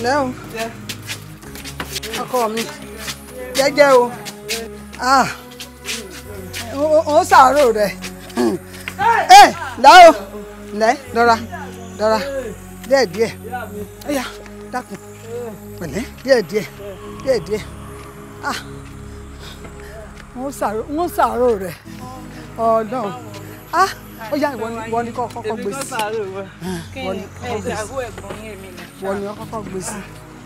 pẹ̀lẹ́ o ọkọ mi jẹ́jẹ́ o ó ah. sàárò rẹ̀ ẹ lẹ́ o lẹ́ dọ́ra dọ́ra díẹ̀díẹ̀ ó yá dákun pẹ̀lẹ́ díẹ̀díẹ̀ díẹ̀díẹ̀ wọ́n ah. sàárò rẹ̀ Ah. ó yá ìwọ ni kọ́ kọ́kọ́ gbèsè. èmi náà sàárò wọn ah, kí ni ẹ̀dá owó ẹ̀gbọ́n yẹn mi náà wọ́n ni wọ́n kọ́kọ́ gbé sí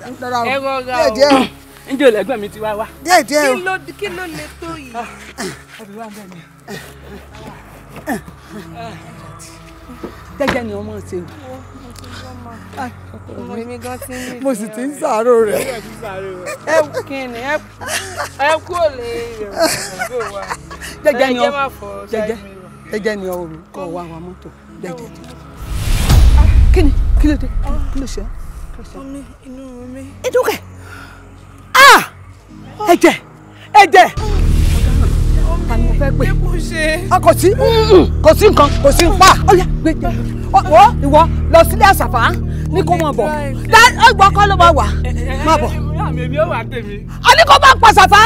i dára o díẹ̀ díẹ̀ o. njẹ́ o lẹ́gbọ́n mi ti wá wá. díẹ̀ díẹ̀ kí ló lè tó yìí. ọbẹ̀ wa bẹ̀ mí. jẹ́jẹ́ ni ọmọ ṣe ah, o. mo sì ti ń sàárò rẹ̀. ẹ kí ni ẹ kú ò lè rẹ̀ wá. jẹ́jẹ́ ni ọ jẹ́jẹ́ jẹ́jẹ́ ni wa mọ́tò jẹ́jẹ́. Ah, kí ló dé kí ló ṣe é. Mami, inú mi. Inú kẹ̀. Ah! Ẹ̀jẹ̀! Ẹ̀jẹ̀! Ọ̀gá ni mo fẹ́ pè. Ah, kò sí kò sí nǹkan kò sí nǹpa. Ah, Ọ̀yá gbé jẹ́. Ọ̀wọ́ ìwọ lọ sílé àṣàfà ní kó máa bọ̀. Ọgbà ọkọ ló máa wà. Máa bọ̀. A ní kó máa pàṣàfà.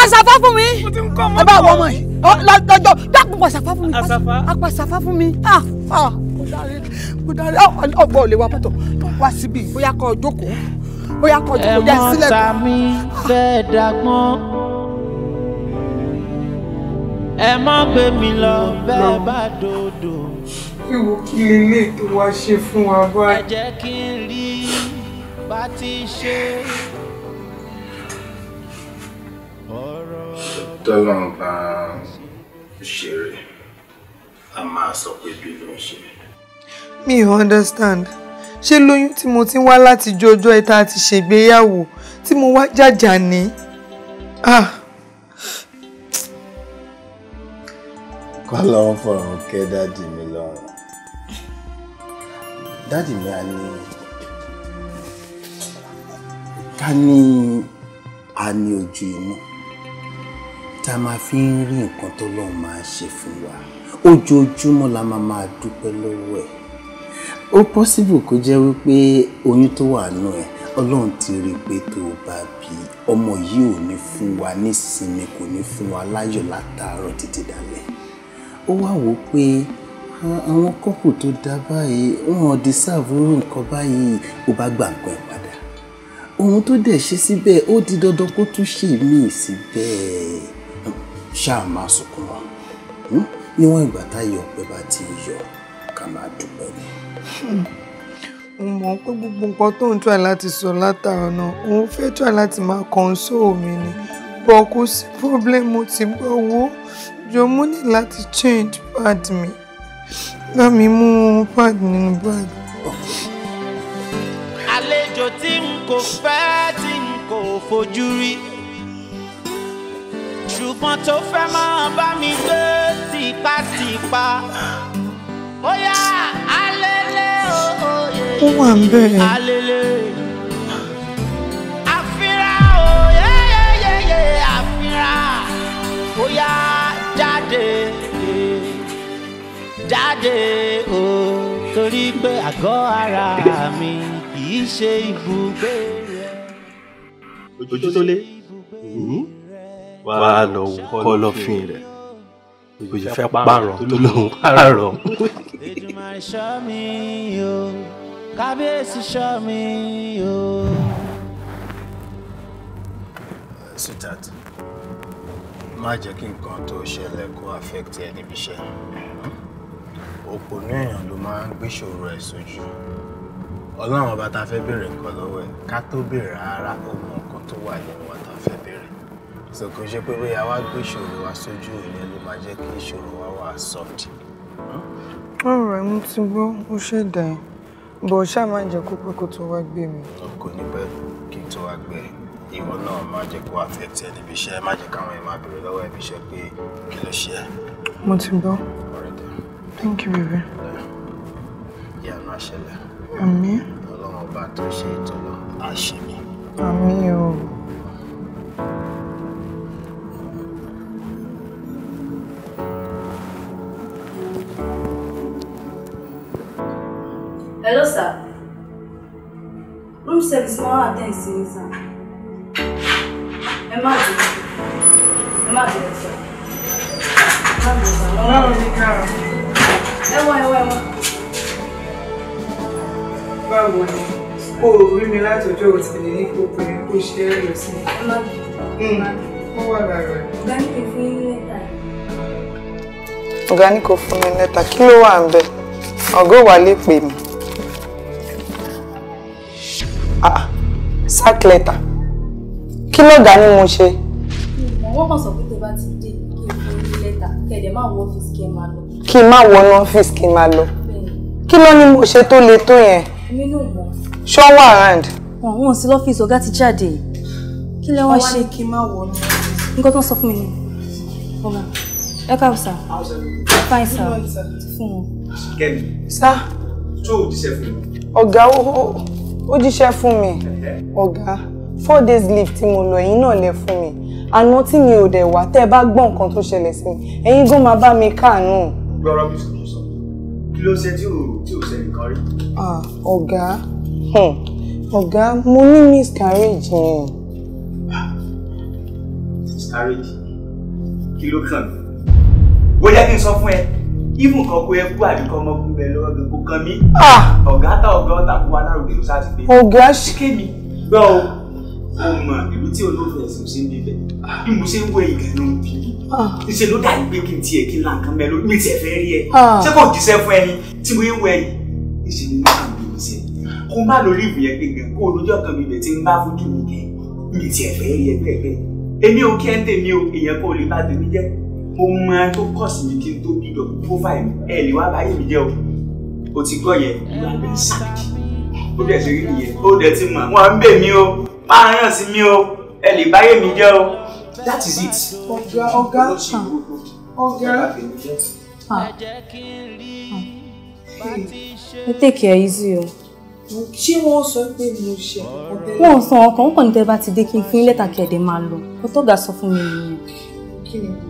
Pàṣàfà fún mi. Ẹ bá wọ ọmọ yìí. Lọ́jọ́ dákun pàṣàfà fún mi. Pàṣàfà fún mi. Ah! Ah! mo dárí mo dárí ọgbọ́n ò lè wa mọ́tò wá síbi bóyá kọ́ jókòó bóyá kọ́ jókòó jẹ́ sílẹ̀. ẹ̀mọ́ta mi fẹ́ dàgbọ́n ẹ má gbé mi lọ bẹ́ẹ̀ bá dòdò. ìwò kí lélẹ̀ tó wá ṣe fún wa báyìí. ẹ jẹ́ kí n rí bá ti ṣe. tọ́lọ́mù bá ń ṣeré a máa sọ pé bí ló ń ṣe mi ò understand ṣé lóyún tí mo ti wá láti ju ọjọ́ ẹ̀ta àti ṣègbéyàwó tí mo wá jàjà ní. Ah. kọ́ ló ń fọ̀rọ̀ kẹ́ dáàdì mi lọ́rùn dáàdì mi á ní ká ní a ní ojú inú tá a máa fi ń rí nǹkan tó lọ́ọ́ máa ṣe fún wa ojoojúmọ́ la máa máa dúpẹ́ lọ́wọ́ ẹ̀ ó possible kó jẹ́ wípé oyún tó wà nù ẹ̀ ọlọ́run ti rí i pé tó o bá bí ọmọ yìí ò ní fún wa nísinmi kò ní fún wa láyọ̀ látàárọ̀ títí dalẹ̀ ó wá wò ó pé àwọn kọ́pù tó dá báyìí wọn ò dísàvù nǹkan báyìí ò bá gbà nǹkan ẹ̀ padà ohun tó dẹ̀ ṣe síbẹ̀ ó di dandan kó tún ṣe míì síbẹ̀ ṣáà máa sunkún wa hmm? níwọ̀n ìgbà táyọ̀ ọ̀pẹ bá ti yọ ká máa dúpẹ́ ni mo mọ̀ pé gbogbo nǹkan tó ń try láti sọ látara náà òun fẹ́ try láti máa console mi ni bọ̀ kò sí problem mo ti gbọ́ owó jọ mo ní láti change pad mi bá mi mú pad nínú bag. àlejò tí n kò fẹ́ tí n kò fojú rí ṣùgbọ́n tó fẹ́ máa bá mi gbé tipátipá ó yá ó wà ń bẹ́ẹ̀. alele àfira o yeyeyeye àfira ó yá jáde jáde o torí pé àgọ́ ara mi kì í ṣe ibùgbé rẹ. ojútólé wàá lọ wọ kọ̀lọ̀fín rẹ òye fẹ́ pààrọ̀ tó lóun pààrọ̀ kábíyèsí ṣọ́ mi o. sitat má jẹ́ kí nǹkan tó ṣẹlẹ̀ kó affect níbi iṣẹ́ òpònú èèyàn ló máa ń gbéṣòro ẹ̀ sójú ọlọ́run ọba tá fẹ́ béèrè nǹkan lọ́wọ́ ẹ̀ ká tó béèrè ara ọmọ nǹkan tó wà nínú wa tá fẹ́ béèrè so ṣe pé bóyá wá gbéṣòro wa sójú ìyẹn ló máa jẹ́ kí ìṣòro wa wà soft. ọ̀rọ̀ ẹ̀ mo ti gbọ́ ó ṣèdá ẹ̀ bó ṣáà máa ń jẹ́ kó pé kó tó wá gbé mi. kò ní pẹ́ kí n tó wá gbé ìwọ náà má jẹ́ kó affect ẹ níbi iṣẹ́ má jẹ́ káwọn ẹ̀ máa bèrè lọ́wọ́ ẹbí iṣẹ́ pé kí ló ṣe ẹ́. mo ti gbọ́ thank you baby. ìyanu àṣẹlẹ̀. àmín. ọlọ́run ọba tó ṣe ètò lọ àṣẹ mi. àmín o. Hello, sir. Room service máa attend sí ní sàn. Ẹ má dé. Ẹ má dé sọ. Báwo ni ká? Ẹ̀wọ̀n ẹ̀wọ̀n ẹ̀wọ̀n. Báwo ni? O ò rí mi láti ọjọ́ òtí ní ní kó pé kó ṣe é lọ sí. Ẹ má dé. Ó wà lára ẹ̀. Ọ̀gá ní kò fún mi lẹ́tà. Ọ̀gá ní kò fún mi lẹ́tà. Kí ló wà ń bẹ̀? Ọ̀gá ò wá lè pè mí ah sack letter kí ló ga ni mo ṣe. wọ́n kàn sọ pé tó bá ti dé kí n fún yín lẹ́tà kẹ̀dẹ̀ máa wọ ọ́fíìsì kí n máa lọ. kí n máa wọnú ọ́fíìsì kí n máa lọ. kí ló ní mo ṣe tó le tó yẹn. èmi náà mọ̀. ṣọ́wọ́ around. wọn wọn sí lọ́fíìsì ọ̀gá ti jáde kí lẹ wọ́n ṣe. ọwọ́ ni kí n máa wọnú. nǹkan tó ń sọ fún mi ni ọmọ ẹ káàbù sá fáìn fún wọn. kẹ́mi sá ó jíṣẹ́ fún mi ọ̀gá four days leave tí mo lọ ẹ̀yin náà lẹ fún mi àná tí mi ò dẹ̀ wá tẹ́ ẹ bá gbọ́ nǹkan tó ṣẹlẹ̀ sí mi ẹ̀yin gan máa bá mi káàánú. gbọ́rọ̀ mi sùn sọ kí ló ṣe tí ò tí ò ṣẹlẹ̀ kan rí. ọ̀gá hmm. ọ̀gá mo ní miscarriage yẹn. miscarriage kí ló kàn mí bóyá kí n sọ fún ẹ even kan kó ẹkú àbí kan ọmọ kún bẹ lọ́wọ́ gan kó kan mí. Ah! ọ̀gá tá ọ̀gá ọ̀tà kó wa lárugẹ ló sáà ti pé. ọ̀gá ṣe kémi gbọ́ o mo mọ ìlú tí olóòfẹ́ ẹ̀sìn ṣe ń bíbẹ̀ bí mo ṣe ń wọ ìgbẹ́ ah! ló ń bí i ṣe ló dàbí pé kí n tiẹ̀ kí n là nǹkan mẹ́ ló mi tiẹ̀ fẹ́ rí ẹ ah! ṣé kò jíṣẹ́ fún ẹni tí mo ń wọ ẹ̀yìn ìṣe ni mo kàn bí mi ṣe kó má lórí ìbùn yẹn ohun ara tó kọ̀ sí mi kí n tó dúdọ̀ profile ẹ lè wá báyìí mi jẹ́ o o ti gbọ́ yẹn ìlú àgbẹ̀ sáàkì ó dẹ̀ ṣe rí nìyẹn ó dẹ̀ ti mọ̀ wọ́n á ń bè mí o máa ràn sí mi o ẹ lè báyìí mi jẹ́ o that is it. ọ̀gá ọ̀gá ọ̀gá ah. hmm. ẹ take care easy o ṣé wọ́n sọ pé mo ṣe ọ̀tẹ́lẹ̀. wọn ò sọ ọkàn wọn kàn ní tẹ bá ti dé kí n fún lẹ́tà kẹ̀dẹ̀ máa lọ ọtọ́gà sọ fún mi nìyẹn. kí ni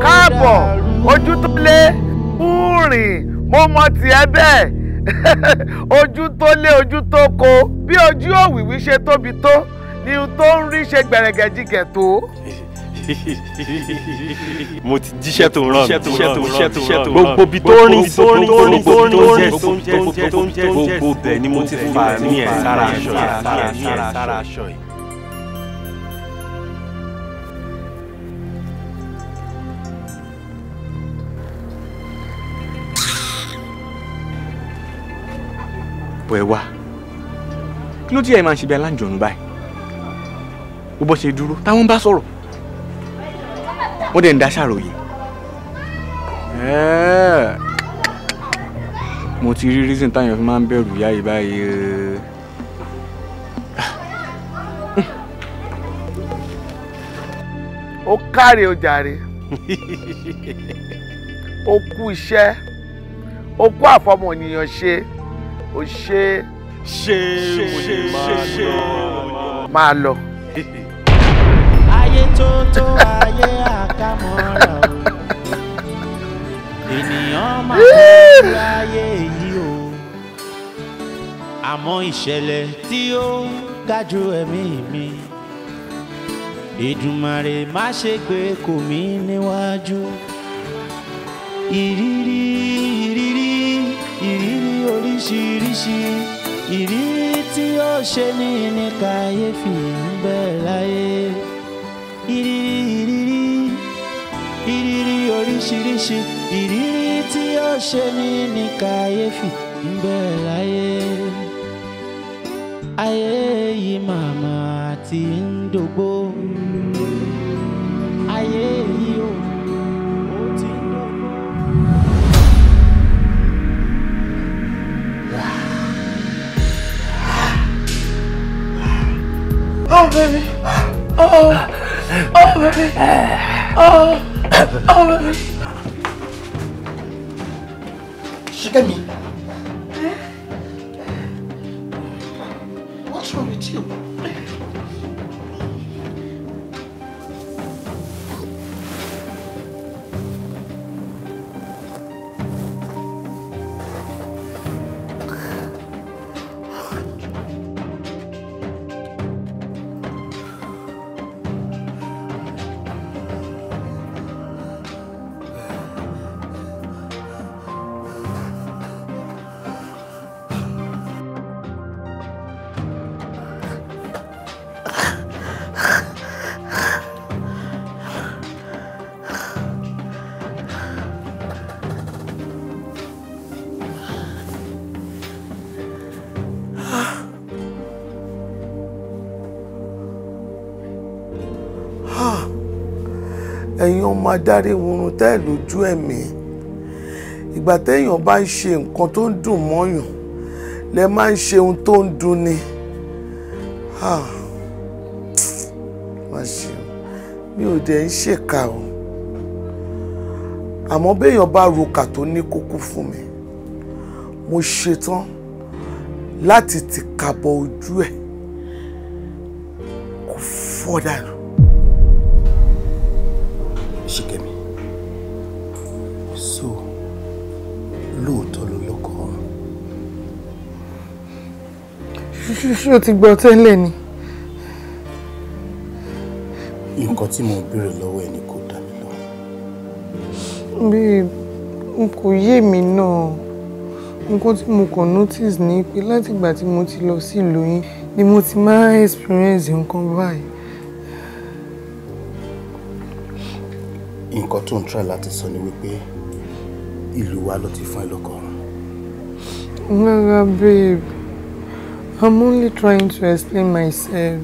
káàbọ̀ ojú tó lé kúrìn mo mọ tiẹ̀ bẹ́ẹ̀ ojú tó lé ojú tó ko bí ojú òwìwí ṣe tóbi tó ni tó ń rí ṣe gbẹ̀rẹ̀gẹ̀jigẹ̀ tó mo ti jíṣẹ́ tó ràn mí jíṣẹ́ tó ràn mí gbogbo bi tó rìn tó rìn tó rìn tó rìn tó jẹ tó jẹ tó jẹ gbogbo bẹ̀ ni mo ti fa mi ẹ̀ sára aṣọ yìí. ọ̀pọ̀ ẹ̀ wá kí ló tí ẹ̀ máa ń ṣe bí aláǹjọ̀nù báyìí bó bọ́ ṣe dúró táwọn bá sọ̀rọ̀ wọ́n dẹ̀ ń dá ṣàròyé mo ti rí reason táyọ̀ fi máa ń bẹ̀rù yáyé báyìí eh. ó káre ó ó kú iṣẹ́ ó kú àfọmọ̀nìyàn ṣe o ṣe ṣe ṣe ṣe máa lọ. ayé tó tó ayé àkàmọ́ra o ènìyàn máa ń lọ ayé yìí o àmọ́ ìṣẹ̀lẹ̀ tí ó ga jù ẹ̀mí mi Èdùmàrè má ṣe gbé kò mí níwájú ìrírí ìrírí ìrírí oríṣiríṣi ìrírí tí ó ṣe ní ní kàyéfì ń bẹ láyé ìrírí ìrírí ìrírí oríṣiríṣi ìrírí tí ó ṣe ní ní kàyéfì ń bẹ láyé ayé yìí màmá Oh, baby. Oh. Oh, baby. Oh. Oh, baby. Shikemi. máa dárí wurun tẹ́ lójú ẹ̀mí ìgbà téèyàn bá ń ṣe nǹkan tó ń dùn mọ́yàn lẹ máa ń ṣe ohun tó ń dunni mi ò dẹ̀ ń ṣèkà o àmọ́ béèyàn bá rokà tó ní kókó fún mi mo ṣetán láti tìkàbọ̀ ojú ẹ̀ kò fọ́ dànù. ṣé o ti gbọ́ tẹ́lẹ̀ ni. nǹkan tí mo béèrè lọ́wọ́ ẹ ni kò dá mi lọ. bíi n kò yé mi náà nǹkan tí mo kàn notice ni pé láti ìgbà tí mo ti lọ sí ìlú yín ni mo ti máa experience nǹkan báyìí. nǹkan tó ń try láti sọ ni wípé ìlú wa ló ti fún ẹ lọ́kọ. rárá babe I'm only trying to explain myself.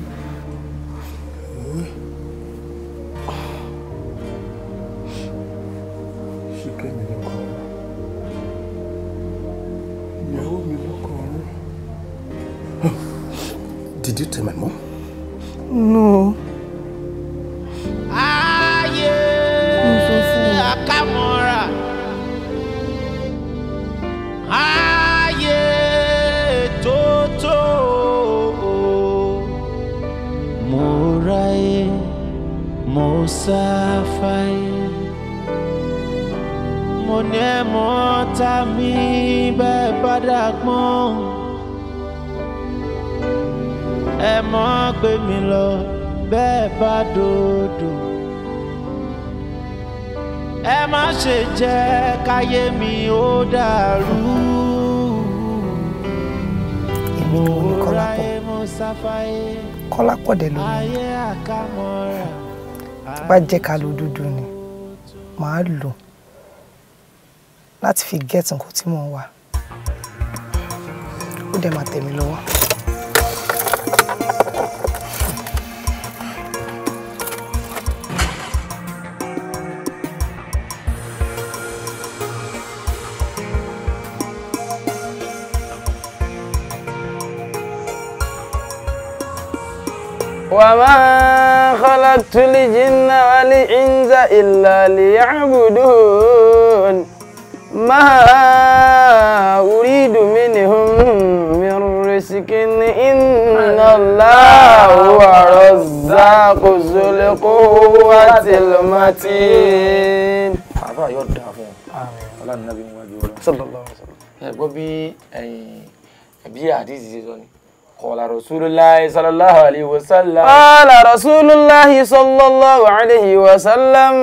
bá jẹ́ ká lo dúdú ni màá lò láti fi gẹ́ẹ̀tì nǹkan tí mò ń wà ó dẹ̀ máa tẹ̀ mí lọ́wọ́. وما خلقت الجن والإنس إلا ليعبدون ما أريد منهم من رزق إن الله هو الرزاق ذو القوة المتين àbá yóò dáa fún ọ ọlọ́run náà Qala Rasulullahi sallallahu alayhi wa sallam. Qala Rasulullahi sallallahu alayhi wa sallam.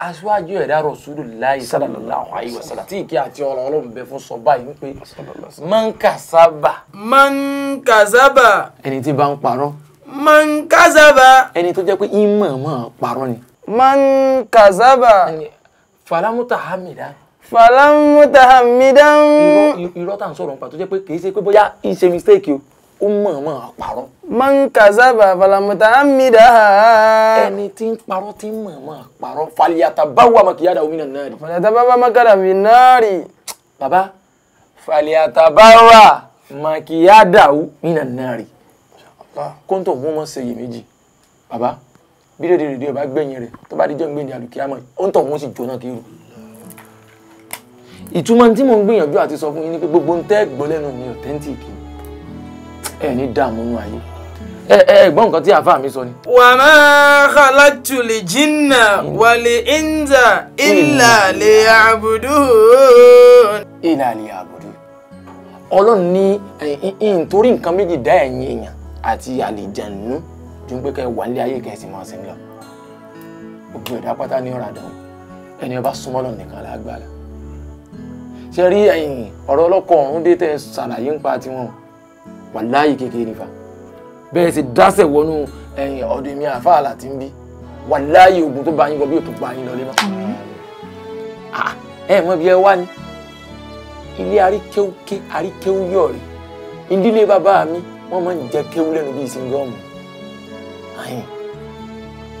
Aṣíwájú ẹ̀dá Rasulullahi sallallahu alayhi wa sallam. Tí ìkí àti ọ̀rọ̀ Ọlọ́run bẹ fún sọ báyìí wípé man kasaba. Man kasaba. Ẹni tí bá ń parọ́. Man kasaba. Ẹni tó jẹ́ pé ìmọ̀ mọ̀ parọ́ ni. Man kasaba. Fàlámútà Hamida fàlámútà hamidan. irọ́ irọ́ tá à ń sọ̀rọ̀ nípa tó jẹ́ pé kì í ṣe mistake o ó mọ̀ọ́mọ̀ parọ́. man kazaba falamuta amida. ẹni tí ń parọ́ tí ń mọ̀ọ́mọ̀ parọ́ faliyata báwa makiyada omi náà rí. faliyata báwa makiyada omi náà rí. baba faliyata báwa makiyada omi náà rí. kóńtò mú mọ́ ṣe iyèméjì baba bí dèdè dèdè ọba gbẹ̀yìn rẹ̀ tó bá di jẹ́ gbẹ̀yìn alùkìyàmọ̀ ìtumọ̀ tí mò ń gbìyànjú àti sọ fún yín ni pé gbogbo ń gbọ́ lẹ́nu mi authentic ẹ ní dààmú nù ayé ẹ ẹ gbọ́n nǹkan tí àáfàá mi sọ ni. wa ma khalaqtul jinna wal insa illa liya'budun. illa liya'budun. ọlọ́run ní nítorí nǹkan méjì dá ẹ̀yin èèyàn àti àlìjànú ju pé kẹ́ ẹ wà nílé ayé kẹ́ máa sin lọ. gbogbo ẹ̀dá pátá ní ọ̀rọ̀ àdánwò ẹni ọba súnmọ́ nìkan lágbára. ṣe rí ọ̀rọ̀ ọlọ́kọ̀ ọ̀run dé tẹ́ ṣàlàyé ń pa tiwọn o wàláyé kékeré fa bẹ́ẹ̀ sì dáṣẹ̀ wọnú ẹ̀yìn ọ̀dọ̀ èmi àfa àlà tí ń bí wàláyé ogun tó bá yín lọ bí òtún pa yín lọ lé mọ́. ẹ mọ ibi ẹ wá ní ilé aríkéwúké aríkéwú yọ̀ọ̀rì ìdílé bàbá mi wọ́n máa ń jẹ kéwú lẹ́nu bíi singọ́ọ̀mù ayin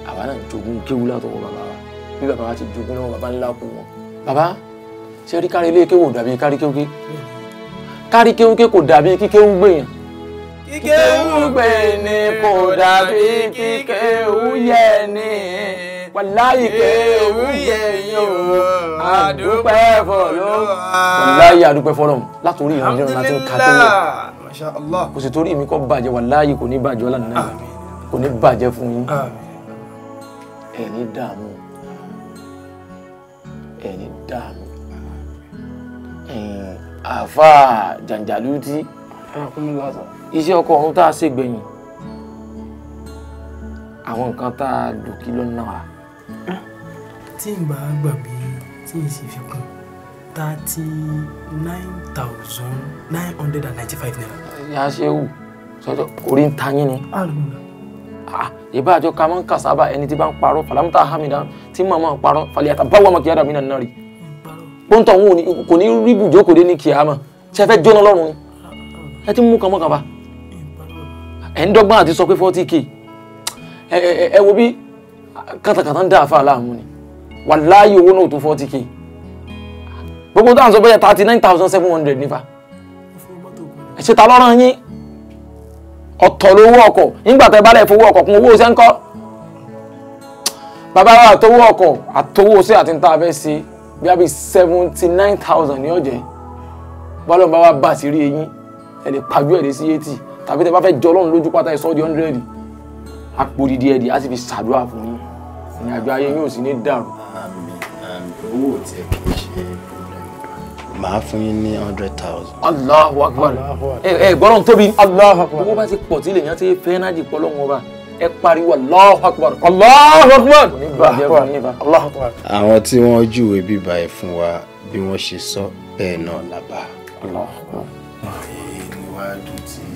àwa náà jogún kéwú látọwọ́ bàbá wa bí bàbá wa ti jogún lọ́wọ́ bàbá ńlá kú wọn. bàbá ṣe rí kárí ilé kéwú dàbí kárí kéwúké hmm. kárí kéwúké kò dàbí kíkéwú gbèyàn kíkéwú gbèní kò dàbí kíkéwú yẹni wàláyé kéwú yẹni o àdúpẹ́ fọlọ́. wàláyé àdúpẹ́ fọlọ́ látòrí ìran jẹun láti ń ka tó lọ kò sì torí mi kọ́ bàjẹ́ wàláyé kò ní bàjẹ́ ọ̀la nínú kò ní bàjẹ́ fún yín ẹ̀ dààmú ẹ̀ dààmú àfa jàǹjàlú tí. ẹ kún mi lásán iṣẹ́ ọkọ ọ̀run tá a ṣe gbẹ̀yìn àwọn nǹkan tá a lò kí ló ná tí n gbàgbé tí n sì fi kún thirty nine thousand nine hundred and ninety five naira. ìyá ṣe wù sọjọ orí ń ta yín ni. Ah, ìbá àjọ ká máa ń kàsábà ẹni tí bá ń parọ́ fàlámùtà hamida tí màmá ń parọ́ fàlíyàtà báwo àmọ́ kìí àdàmínà náà rí. pọ́ńtọ̀ òun kò ní rí ibùjókòó dé ní kìámà ṣe fẹ́ jóná lọ́rùn ni ẹ ti mú kàn mọ́kàn bá ẹ̀ ń dọ́gbọ́n àti sọ pé forty k ẹ wo bí kàtàkàtà ń dá àfa láàmú ni wàláyé owó náà tó forty k gbogbo táwọn sọ pé thirty nine thousand seven hundred nípa ẹ̀ṣẹ̀ ta lọ́rọ̀ yín ọ̀tọ̀ lówó ọkọ̀ nígbà tẹ́ bá lẹ̀ fowó ọkọ̀ kún owó iṣẹ́ ń kọ́ bàbá wa àtowó ọkọ̀ àtowó iṣẹ́ àti níta abẹ́ ṣe bí a bí seventy nine thousand ní ọ̀jẹ̀ bọ́lọ̀ bá wa bá sí rí eyín ẹ̀ lè pàjọ́ ẹ̀ lé sí eighty tàbí tẹ bá fẹ́ jọ Ọlọ́run lójú pátá ìsọ́ di hundred àpò dídí ẹ̀dì á sì fi ṣàdúrà fún yín ìrìn àjò ayé yóò sì ní dàrú. owó tí ẹ kì í ṣe màá fún yín ní hundred thousand. Allahu Akbar ẹ ẹ gbọ́dọ̀ tóbi Allahu Akbar owó bá ti pọ̀ tí lè yàn ti fẹ́ náà di pọ̀ lọ́wọ́ bá ẹ pariwo Allahu Akbar Allahu Akbar àwọn tí wọ́n júwe bíbá ẹ̀ fún wa bí wọ́n ṣe sọ bẹ́ẹ̀ náà làbá. Allahu Akbar. ọ̀rẹ́ ìwádìí ti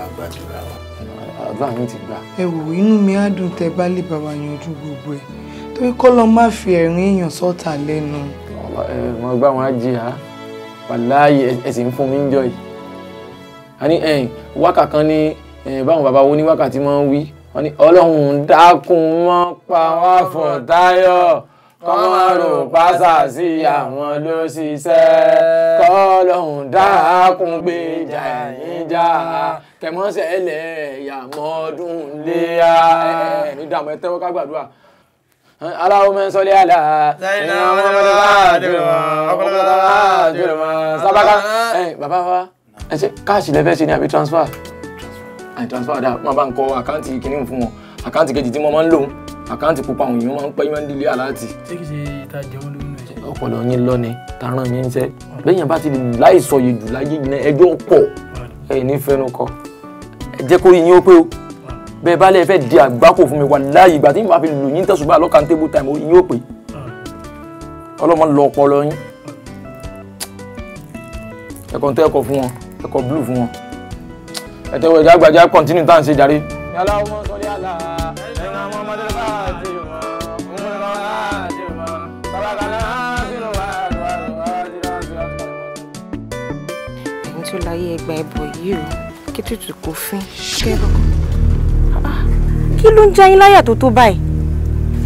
bá gbàdúrà wa. àdúrà yín ti gbà. ẹ wò inú mi á dùn tẹ bá lè bá yanjú gbogbo ẹ torí kọ́ lọ má fi ẹ̀rín èèyàn sọ́ta lẹ́nu. wọn gbá wọn á jìyà wàláyé ẹsìn ń fún mi ń jọ yìí. a ní wákà kan ní báwọn bàbá wo ní wákàtí máa ń wí wọ́n ní ọlọ́run dákun mọ́ pa wá fọ̀ táyọ̀ kọ́mọ̀rò pásà sí àwọn ló ṣiṣẹ́ kọ́ dákun gbèjà ìjà kẹmọ́sẹ̀ ẹlẹ̀ ìyàmọ́dún léyà ẹ̀ ní dààmú ẹ tẹ́wọ́ ká gbàdúrà. Allahumma salli ala sayyidina Muhammad àdúrà ọ̀pọ̀lọpọ̀ àdúrà sábàkà. bàbá wa ẹ ṣe káàṣì lẹ́fẹ̀ẹ́ ṣe ni àbí transfer àì transfer dáa máa bá ń kọ àkáǹtì kìíní fún wọn àkáǹtì kejì tí mo máa ń lò àkáǹtì pupa àwọn èèyàn máa ń pẹ́ yín máa ń dilé aláàtì. ṣé kìí ṣe ta jẹun lórí ẹ̀jẹ̀. ọpọlọ yín lọ ni taran mi ń ṣe bẹ́ẹ̀ yẹn bá ti láì sọ yìí jù láyé ẹjọ́ pọ̀ ẹ̀ ní fẹ́nu kọ jẹ́ kó yín ó pé o bẹ́ẹ̀ bá lẹ́yìn fẹ́ di àgbákò fún mi wà láàyè ìgbà tí màá fi lù yín tẹ̀sùn bá lọ́kàn table time yín ó pé ọlọ́mọ lọ ọpọlọ yín ẹ̀kọ́ tẹ́ ẹ̀kọ́ fún wọn ẹ̀kọ́ blue fún wọn ẹ̀tẹ̀wọ̀ ẹ̀dá àgbàjá continue tá à ń ṣe jàre. ẹ̀yin tó láyé ẹgbàá ẹ̀bọ̀ yìí o kí tútù kò fín ṣẹ́rọ̀. Ah, kí ló ń já yín láyà tó tó báyìí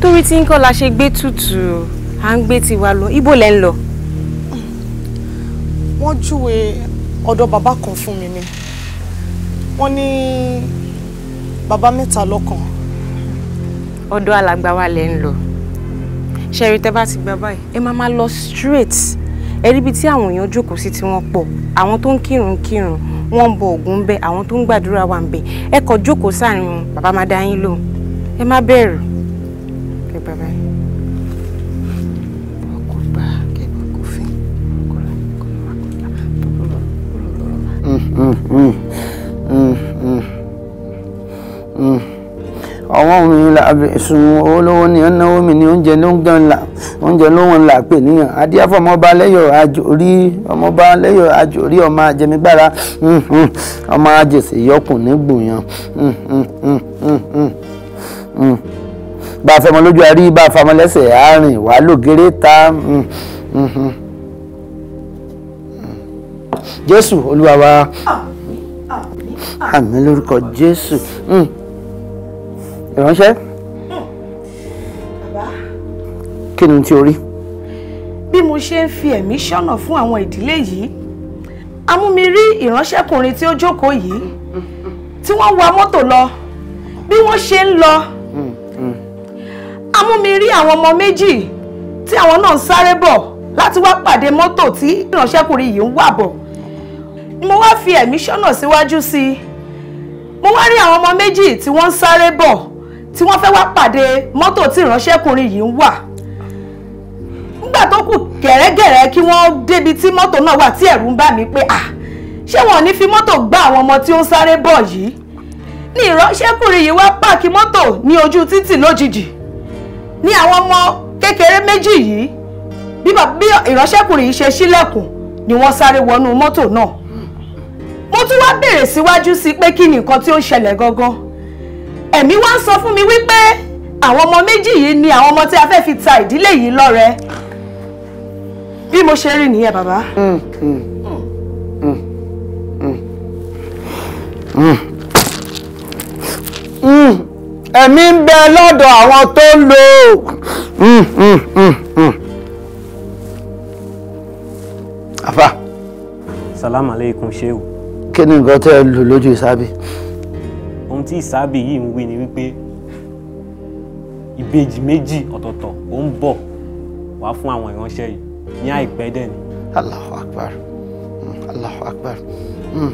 torí tí ń la ṣe gbé tútù à ń gbé tiwa lọ ibo lẹ́ ń lọ. wọ́n júwe ọ̀dọ̀ bàbá kan fún mi ni wọ́n ní bàbá mẹ́ta lọ́kàn. ọ̀dọ̀ alàgbà wa lẹ́ ń lọ ṣẹ́rí tẹ́ bá ti gbà báyìí ẹ máa máa lọ straight ẹ tí àwọn èèyàn jókòó sí tí wọ́n pọ̀ àwọn tó ń kírun kírun wọ́n ń bọ ògún bẹ́ẹ̀ àwọn tó ń gbàdúrà wà ń bẹ́ẹ̀ ẹ kọ́ jókòó sáàrin wọn bàbá dá yín lóhùn ẹ má bẹ̀rù. wọn ò rìn la àfẹ̀sùn owó lọ́wọ́ ní ẹnáwó mi ní oúnjẹ ló ń gan la oúnjẹ ló wọn là pè níyàn adíyàfọ ọmọọba lẹ́yọ̀ àjò rí ọmọọba lẹ́yọ̀ àjò rí ọmọ ajẹmígbára hmm, hmm, ọmọ ajẹsẹ yọkùn nígbùyàn hmm, bá a fẹmọ lójú àrí bá a fẹmọ lẹ́sẹ̀ àárín wàá lògèrè ta jésù olúwa wa àmín lórúkọ jésù ìránṣẹ́. kí ni tí o rí. bí mo ṣe ń fi ẹ̀mí ṣọ́nà fún àwọn ìdílé yìí amúmirí ìránṣẹ́kùnrin tí ó jókòó yìí tí wọ́n wa mọ́tò lọ bí wọ́n ṣe ń lọ hmm, hmm. amúmirí àwọn ọmọ méjì tí àwọn náà ń sáré bọ̀ láti wá pàdé mọ́tò tí ìránṣẹ́kùnrin yìí ń wà bọ̀ mo wá fi ẹ̀mí ṣọ́nà síwájú sí i mo wá rí àwọn ọmọ méjì tí wọ́n ń sáré bọ̀ tí wọ́n fẹ́ wá pàdé mọ́tò tí ìránṣẹ́kùnrin yìí ń wà nígbà tó kù gẹ̀rẹ́gẹ̀rẹ́ kí wọ́n débi tí mọ́tò náà wà tí ẹ̀rù ń bà mí pé à ṣé wọn ò ní fi mọ́tò gbá àwọn ọmọ tí ó ń sáré bọ̀ yìí ni ìránṣẹ́kùnrin yìí wá páàkì mọ́tò ní ojú títì lójijì ní àwọn ọmọ kékeré méjì yìí bí ìránṣẹ́kùnrin yìí ṣe ṣílẹ̀kùn ni wọ́n sáré wọnú mọ́tò náà mo tún wá béèrè síwájú sí pé kí ni nǹkan tí ó ń ṣẹlẹ̀ gangan ẹ̀mí wá ń sọ fún mi wípé àwọn ọmọ méjì yìí ni àwọn ọmọ tí a fẹ́ fi ta ìdílé yìí lọ́rẹ bí mo ṣe rí nìyẹn bàbá. Mm, mm, mm, ẹ̀mí ń bẹ lọ́dọ̀ àwọn tó ń lò ó. àfà. salaam aleykum sheu. kí ni nǹkan tẹ́ ẹ lò lójú ìsábì ohun tí ìsáàbì yìí ń wí ni wípé ìbejì méjì ọ̀tọ̀ọ̀tọ̀ ó ń bọ̀ wá fún àwọn ìránṣẹ́ yìí ní àìpẹ́ dẹ̀ ni. Allahu Akbar hmm, Allahu Akbar. Hmm,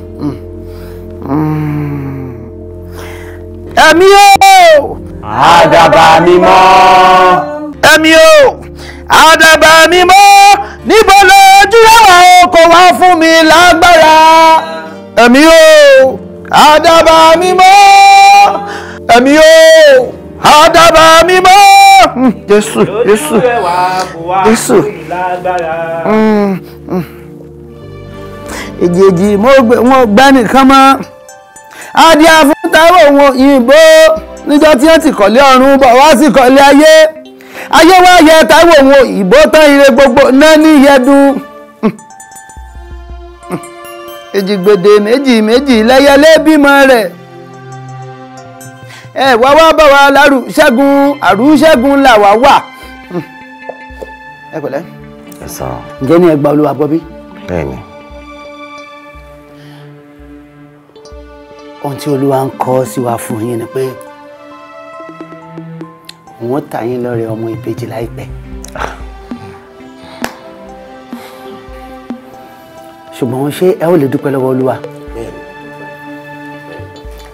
hmm. ẹ̀mí o. àdàbà mímọ́. ẹ̀mí o àdàbà mímọ́ níbo lójú àwọn ọkọ̀ wá fún mi lágbára ẹ̀mí o àdàbà mímọ́ ẹ̀mí o àdàbà mímọ́ hmm, jésù jésù jésù ìjèjì wọn gbẹ́ nìkan mọ́ adìẹ fún táwọn òun yìnbó níjọ́ tí wọ́n ti kọ̀lé ọ̀run bọ̀ wá sí kọ̀lé ayé ayé wá yẹ táwọn òun òyìnbó tán ire gbogbo náà ní èjìgbèdè méjì meji lẹ́yẹlé bímọ rẹ̀ ẹ wá wá bá wa lárú ṣẹ́gun àrùṣẹ́gun là wá wà hmm. ẹ pẹ̀lẹ́. ẹ sọ. ǹjẹ́ ní ẹgbàá olúwa gbọ́ bí. bẹ́ẹ̀ni. ohun tí olúwa ń kọ́ sí wa fún yín ni pé wọ́n ta yín lọ́rẹ ọmọ ìbejì láìpẹ́. ṣùgbọ́n ṣé ẹ ó lè dúpẹ́ lọ́wọ́ olúwa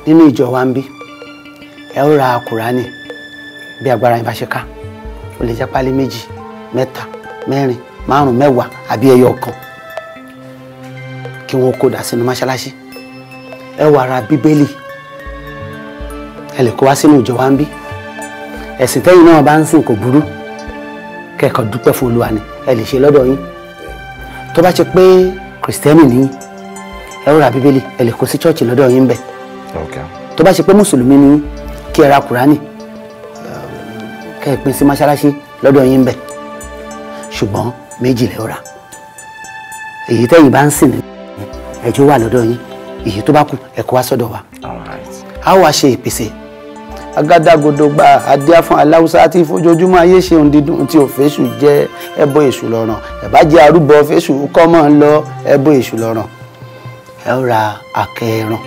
nínú ìjọ wa ń bí ẹ ó ra kùránì bí agbára yín bá ṣe ká ó lè jẹ́ pálí méjì mẹ́ta mẹ́rin márùn mẹ́wàá àbí ẹyọ kan kí wọ́n kó dà sínú mọ́ṣáláṣí ẹ wá ra bíbélì ẹ lè kó wá sínú ìjọ wa ń bí ẹ̀sìn tẹ́yìn náà bá ń sìn kò burú kẹ́kọ̀ọ́ dúpẹ́ fún olúwa ni ẹ lè ṣe lọ́dọ̀ yín tó bá ṣe pé kìrìsìtẹ́nì nìyí ẹ ó ra bíbélì ẹ lè kó sí chọ́ọ̀chì lọ́dọ̀ yín bẹ̀. tó bá ṣe pé mùsùlùmí ni kí ẹ ra kùránì kẹ́ ẹ pín sí mọ́ṣáláṣí lọ́dọ̀ yín bẹ̀ ṣùgbọ́n méjì lẹ́ ó ra èyí tẹ́yìn bá ń sìn ní ẹjọ́ wà lọ́dọ̀ yín èyí tó bá kù ẹ wá sọ́dọ̀ wa a ó wá ṣe ìpèsè agádágodo gba adíá fún aláwùsá tí fojoojúmọ́ ayé ṣe ohun dídùn tí òfésù jẹ́ ẹbọ èṣù lọ́ràn ẹ̀bá jẹ́ arúgbó fésù kọ́ mọ́ ń lọ ẹbọ èṣù lọ́ràn ẹ ó ra àkẹ́ ẹran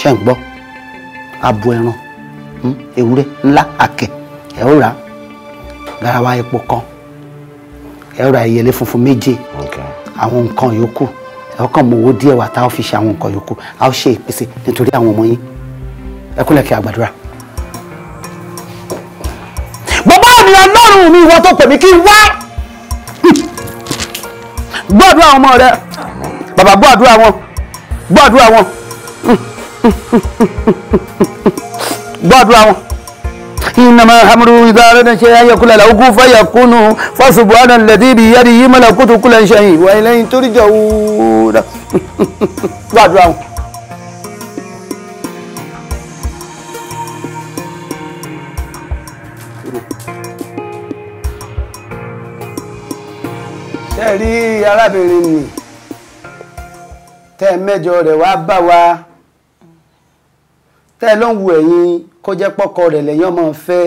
ṣe ń gbọ́ abo ẹran hmm, ewúrẹ́ ńlá àkẹ́ ẹ ó ra garawa epo kan ẹ ó ra ìyẹlé funfun méje àwọn nǹkan yòókù ẹ ó kàn mọ owó díẹ̀ wà tá a fi ṣe àwọn nǹkan yòókù a ó ṣe ìpèsè nítorí àwọn ọmọ yín ẹ kí a gbàdúrà. ìwọ ọlọ́run mi ìwọ tó pè mí kí n wá gbọ́dọ̀ àwọn ọmọ rẹ bàbá gbọ́dọ̀ àwọn gbọ́dọ̀ àwọn gbọ́dọ̀ àwọn. إنما أمره إذا أراد شيئا يقول له كن فيكون فسبحان الذي بيده ملكوت كل شيء وإليه ترجعون. gbàdúrà wọn. rí arábìnrin nì tẹ́ mẹ́jọ rẹ̀ wá bá wa tẹ́ ló ń wo ẹ̀yin kó jẹ́ pọ́kọ rẹ̀ lẹ́yìn ọmọ fẹ́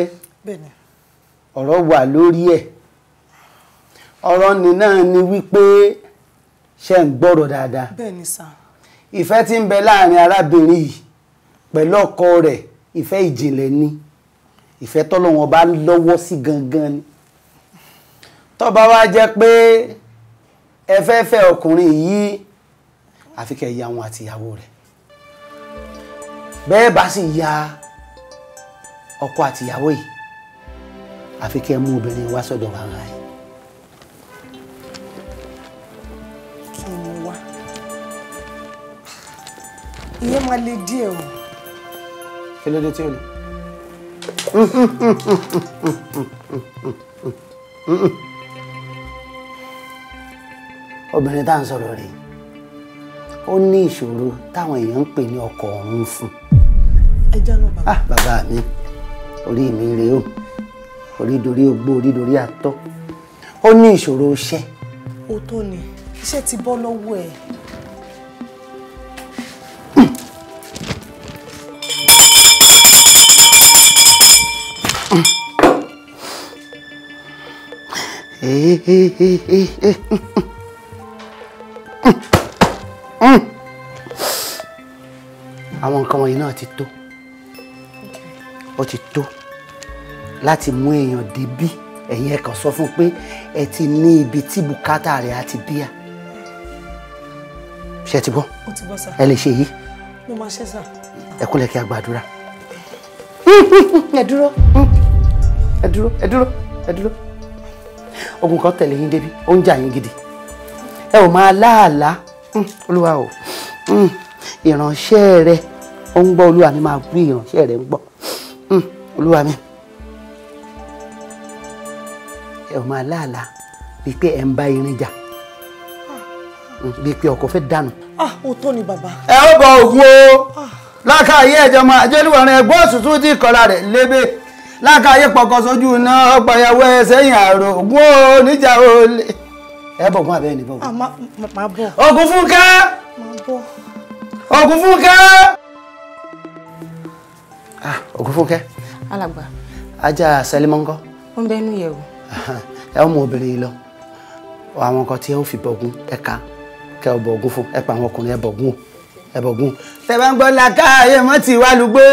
ọ̀rọ̀ wà lórí ẹ̀ ọ̀rọ̀ nì náà ni wípé ṣe ń gbọ́rọ̀ dáadáa ìfẹ́ tí ń bẹ láàrin arábìnrin yìí pẹ̀lú ọkọ rẹ̀ ìfẹ́ ìjìnlẹ̀ ni ìfẹ́ tọ́lọ́wọ́n bá lọ́wọ́ sí gangan ni tó bá wá pé ẹ fẹ́ fẹ́ ọkùnrin yìí àfi kẹ́ ya wọn àti ìyàwó rẹ̀ bẹ́ẹ̀ bá sì ya ọkọ àti ìyàwó yìí àfi kẹ́ mú obìnrin wá sọ́dọ̀ wa ara yìí. kí ni wá ìyẹn máa le díẹ̀ o. kí ló dé tí o lè obìnrin tá à ń sọ̀rọ̀ rẹ̀ ó ní ìṣòro táwọn èèyàn ń pè ní ọkọ ọ̀run fún. ẹ jáná bàbá. ah bàbá mi orí mi rèé o orí dorí ogbó orí dorí àtọ́ ó ní ìṣòro iṣẹ́. ó tó ni iṣẹ́ ti bọ́ lọ́wọ́ ẹ̀. Hey, eh, eh, hey, eh, hey, hey, hey. nǹkan wọ̀nyí náà ti tó ó ti tó láti mú èèyàn débí ẹ̀yin ẹ̀ kàn sọ fún pé ẹ ti ní ibi tí bùkátà rẹ̀ á ti bíyà ṣe ti bọ́ ẹ lè ṣe yìí ẹ kúnlẹ̀ kí a gbàdúrà ẹ dúró ẹ dúró ẹ dúró ẹ dúró ogun kan tẹ̀lé yín débi ó ń jà yín gidi ẹ ò máa láàlá olúwa o ìránṣẹ́ rẹ ó ń gbọ́ olúwa mi máa gbé ìránṣẹ́ rẹ̀ ń gbọ́ hmm, olúwa mi ẹ ò máa láàlà bíi pé ẹ ń bá irin jà hmm, bíi pé ọkọ fẹ́ dànù. ah òótọ́ ni bàbá. ẹ ó bọ ògùn o lákàáyé ẹjọ máa àjọlùwà rẹ gbọ́ òtútù tí kọlà rẹ̀ lébè lákàáyé pọkàn sójú iná ọgbàyàwó ẹsẹ̀yìn àrò ògùn o níjà o lè. ẹ bọ̀ fún abẹ́ ẹni bọ̀. Ah, màá bọ̀. ògùn fúnkẹ́. ògùn fúnkẹ́. Ah, ògúnfúnkẹ́. alàgbà. ajá sẹ́límọ́ ńkọ́. ó ń bẹnu yẹ̀wò. ẹ ọmọ obìnrin yìí lọ àwọn nǹkan tí ẹ ń fi bọ̀gún ẹ ká kẹ ọ bọ̀gún fún ẹ pa àwọn ọkùnrin ẹ bọ̀gún ẹ bọ̀gún. tẹ̀bá ń gbọ́ ayé mọ́ ti wá lùgbó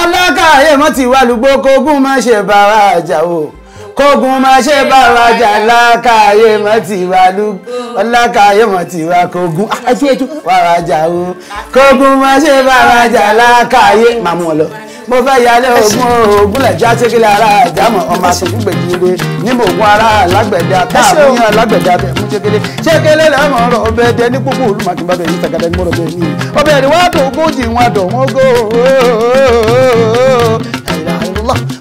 ọlọ́kà ayé mọ́ ti wá lùgbó kógún má ṣe bá wa o kógun má ṣe bá wa jà lákàyè mọ́ tiwa lúgbọ́ lákàyè mọ́ tiwa kógun ah, ẹtú ẹtú wà wá jà o kógun má ṣe bá wa jà lákàyè máa mú ọ lọ mo fẹ́ yálé ogún ogún lẹ̀já sékìlẹ̀ ara àjámọ̀ ọmọ àsùnkú gbèdéde níbo ogún ara alágbẹ̀dẹ àtàwọn alágbẹ̀dẹ abẹ mú sékìlẹ̀ sékìlẹ̀ lẹ́mọ̀ ọ̀rọ̀ ọbẹ̀ ẹ̀dẹ ní kúkú olùmọ̀kì bàbá èyí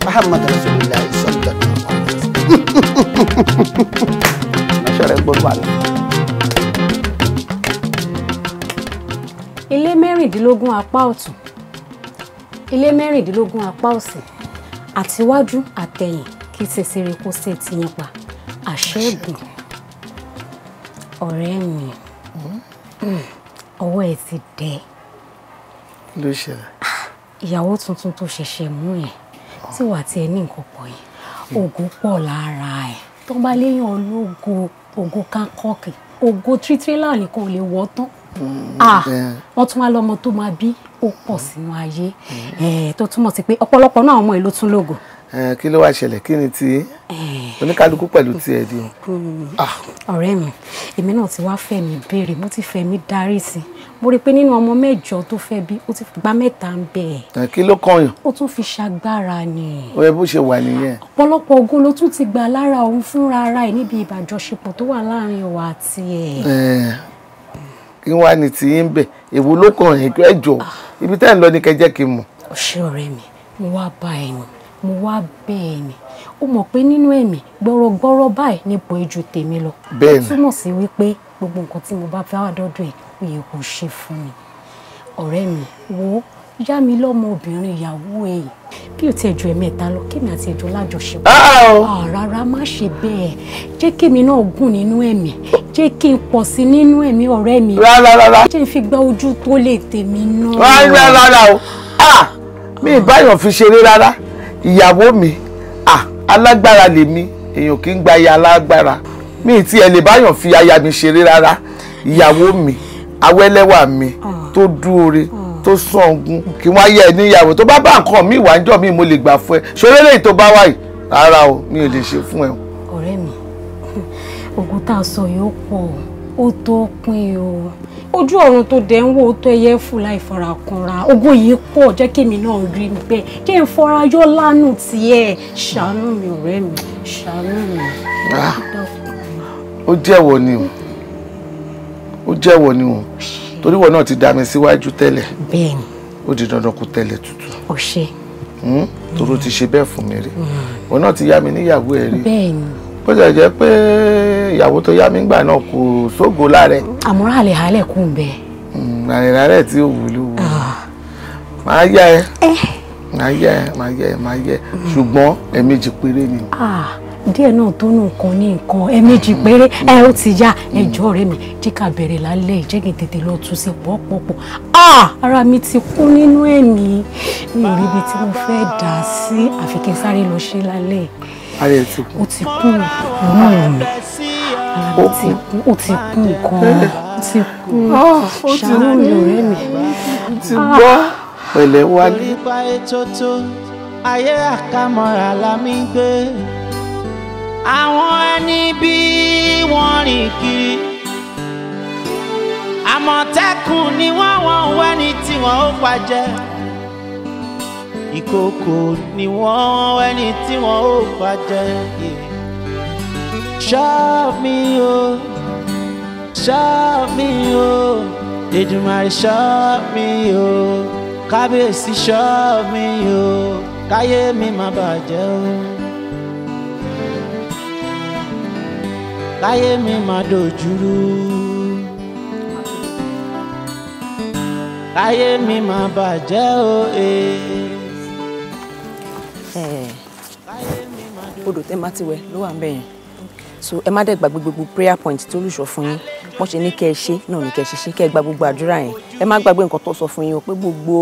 Muhammad rasulillah lọ́sọ̀rọ̀ gbọ́dọ̀ wà lọ. ilé mẹ́rìndínlógún apá ọ̀tún ilé mẹ́rìndínlógún apá òsì àtiwájú àtẹ̀yìn kí ṣèṣeré kó ṣe tiyín pa àṣẹ́gun ọ̀rẹ́ mi ọwọ́ ẹ ti dẹ. ló ṣẹlẹ̀. Ah, ìyàwó tuntun tó ṣẹ̀ṣẹ̀ mú yẹn tí wà á tiẹ̀ ní nǹkan pọ̀ yẹn ògo pọ̀ lára ẹ̀ tó bá léèyàn ológo ògo kankọ́ọ̀kì ògo tírítírílà nìkan ò lè wọ́ tán hmm, ah, wọ́n tún wá lọ́mọ tó máa bí ó pọ̀ hmm. sínú ayé hmm. eh, tó túmọ̀ sí pé ọ̀pọ̀lọpọ̀ náà ọmọ ìlú tún lógo. Eh, kí ló wáá ṣẹlẹ̀ kí ni ti eh. oníkálukú pẹ̀lú tiẹ̀ di o ọ̀rẹ́ mi èmi náà ti wá fẹ́ mi béèrè mo ti fẹ́ mi darí sí mo rí i pé nínú ọmọ mẹ́jọ tó fẹ́ bí ó ti gba mẹ́ta ń bẹ̀ ẹ̀. kí ló kàn yàn. ó tún fi ṣagbára ni. ó yẹ bó ṣe wà nìyẹn. ọ̀pọ̀lọpọ̀ ogun ló tún ti gbà lára òun fúnra ara ẹ̀ níbi ìbàjọṣepọ̀ tó wà láàrin wa àti ẹ̀. kí wàá ní ti yín bẹ̀ èwo ló kàn yín kí ẹ jọ ibi tẹ́ ẹ̀ ń lọ ní kẹjẹ́ kí n mọ̀. ọ̀ṣẹ́ ọ̀rẹ́ mi mo wá bá ẹ̀ ni mo ó mọ̀ pé nínú ẹ̀mí gbọ́rọ̀gbọ́rọ̀ báyìí nípò ju tèmi lọ. bẹ́ẹ̀ ni ó túmọ̀ sí wípé gbogbo nǹkan tí mo bá fẹ́ wà dọ́dọ̀ ẹ̀ ó yẹ kó ṣe fún mi. ọ̀rẹ́ mi wo yá mi lọ́mọ obìnrin ìyàwó ẹ̀ bí o ti ẹ̀jọ̀ ẹ̀mẹ́ta lọ kémi àti ẹ̀jọ̀ lájọṣepọ̀. Ah, ah, oh. ah, rárá má ṣe bẹ́ẹ̀ jẹ́ kémi náà gùn nínú ẹ̀mí jẹ́ kí n pọ̀ sí nínú ẹ̀mí ọ̀rẹ́ mi. rárá rárá jẹ́ n fi gba ojú tó lè tèmi náà. rárá rárá o mi ìbáyọ̀ fi ṣeré rárá ìyàwó mi alágbára lèmi èèyàn kì í gba aya alágbára mi ti ẹ̀ lè báyàn fi aya mi ṣeré rárá ìyàwó mi awẹ́lẹ́wà mi tó dúore tó sọ̀ngún kí wọ́n ayé ẹ̀ níyàwó tó bá bá nǹkan mi ìwà ńjọ́ mi mo lè gbà fún ẹ ṣoré lè tó bá wáyé rárá o mi ò lè ṣe fún ẹ ọ̀rẹ́ mi ogun tá a sọ yóò pọ̀ ó tó pín o ojú ọ̀run tó dẹ̀ ń wò tó ẹyẹ fún láì farakanra ogun yìí pọ̀ jẹ́ kémi náà rí bẹ́ẹ̀ kí n fọra yọ lánàá tiẹ̀ ṣàánú mi ọ̀rẹ́ mi ṣàánú ah, mi. ó jẹ́wọ́ ni o ó jẹ́wọ́ ni o torí wọn náà ti dá mi síwájú tẹ́lẹ̀ bẹ́ẹ̀ni ó di dandan kó tẹ́lẹ̀ tútù ọ̀ṣẹ́ hmm? toró ti ṣe bẹ́ẹ̀ fún mi rí hmm. wọn náà ti yá mi níyàwó ẹ̀ rí bẹ́ẹ̀ni bó ṣe jẹ́ pé ìyàwó tó yá mi gbà náà kò sógo lára ẹ̀. àmúrà àlè àlẹ̀ kù ń bẹ. Hmm, àrìnrìn àrẹ̀ tí ò wúlò wò ah. máa yá ẹ eh. máa yá ẹ máa yá ẹ máa yá ẹ hmm. ṣùgbọ́n ẹ̀ẹ̀mejì péré ni. Ah, díẹ̀ náà tó nù nǹkan ní nǹkan ẹ̀ẹ̀mejì hmm. péré ẹ ó ti yá ẹjọ́ ọ̀rẹ́ mi jẹ́ ká bẹ̀rẹ̀ lálẹ́ yìí jẹ́ kí n tètè lọ tún sí pọ̀pọ̀pọ̀ ah, ara mi ti kú nínú ẹ̀mí mi ò ríbi tí mo fẹ́ dà sí àfi lọ ṣe lálẹ́ yìí ara ẹ̀ ti kú. ó ti kú nǹkan ó ti kú ó ti kú nǹkan ó ti kú ṣàánú mi ọ̀rẹ́ mi. ó ti gbọ́ pẹ̀lẹ́ wálé. ayé àkàmọ́ra la mi gbé àwọn ẹni bí wọ́n rìn kiri àmọ̀tẹ́kùn ni wọ́n wọ́n wẹ́ni tí wọ́n ó wájẹ́ ìkòkò ni wọ́n ẹni tí wọ́n ò bá jẹ ṣáàmì o ṣáàmì o Èdùmàrè ṣáàmì o kábíyèsí mi o káyé mi má bàjẹ́ o. láyé mi máa dojúrú láyé mi máa bàjẹ́ o. Eh odò tẹ́ má ti wẹ̀ ló wà ń bẹ̀ yẹn so ẹ má dẹ̀ gbàgbé gbogbo prayer point tó lùsọ fún yín wọ́n ṣe ní kẹ́ ẹ ṣe náà ní kẹ́ ẹ ṣe ṣe kẹ́ ẹ gba gbogbo àdúrà yẹn ẹ má gbàgbé nǹkan tó sọ fún yín o pé gbogbo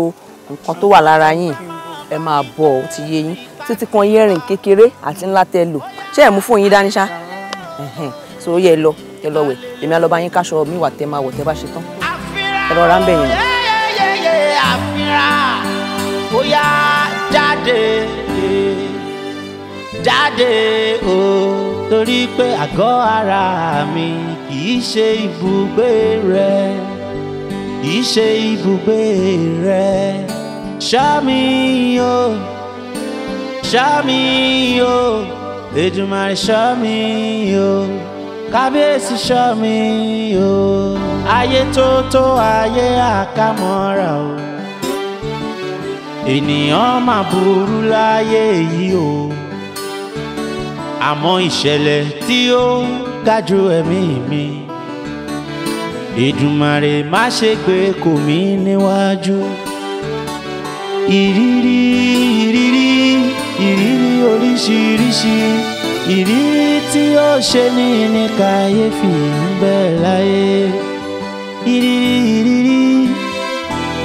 nǹkan tó wà lára yín ẹ máa bọ̀ ó ti yé yín títí kan yẹ́rìn kékeré àti ńlá tẹ lò ṣé ẹ̀ mú fún yín dání ṣá so ó yẹ lọ ẹ lọ wẹ̀ èmi á lọ bá yín káṣọ mi wà tẹ máa wọ̀ tẹ bá ṣe tán ẹ lọ ra ń bẹ̀ yẹn. àfihàn bóyá jáde jáde o torí pé àgọ́ ara mi kì í ṣe ibùgbé rẹ kì í ṣe ibùgbé rẹ ṣọ́ mi o ṣọ́ mi o Èdùmàrè ṣọ́ mi o kábíyèsí ṣọ́ o ayé tó tó ayé àkàmọ́ra o ènìyàn máa burú láyé yìí o àmọ́ ìṣẹ̀lẹ̀ tí ó ga ju ẹ̀mí mi Èdùmàrè má ṣe gbé kò mí níwájú ìrírí ìrírí ìrírí oríṣiríṣi ìrírí tí ó ṣe ní ní kàyéfì ń bẹ láyé ìrírí ìrírí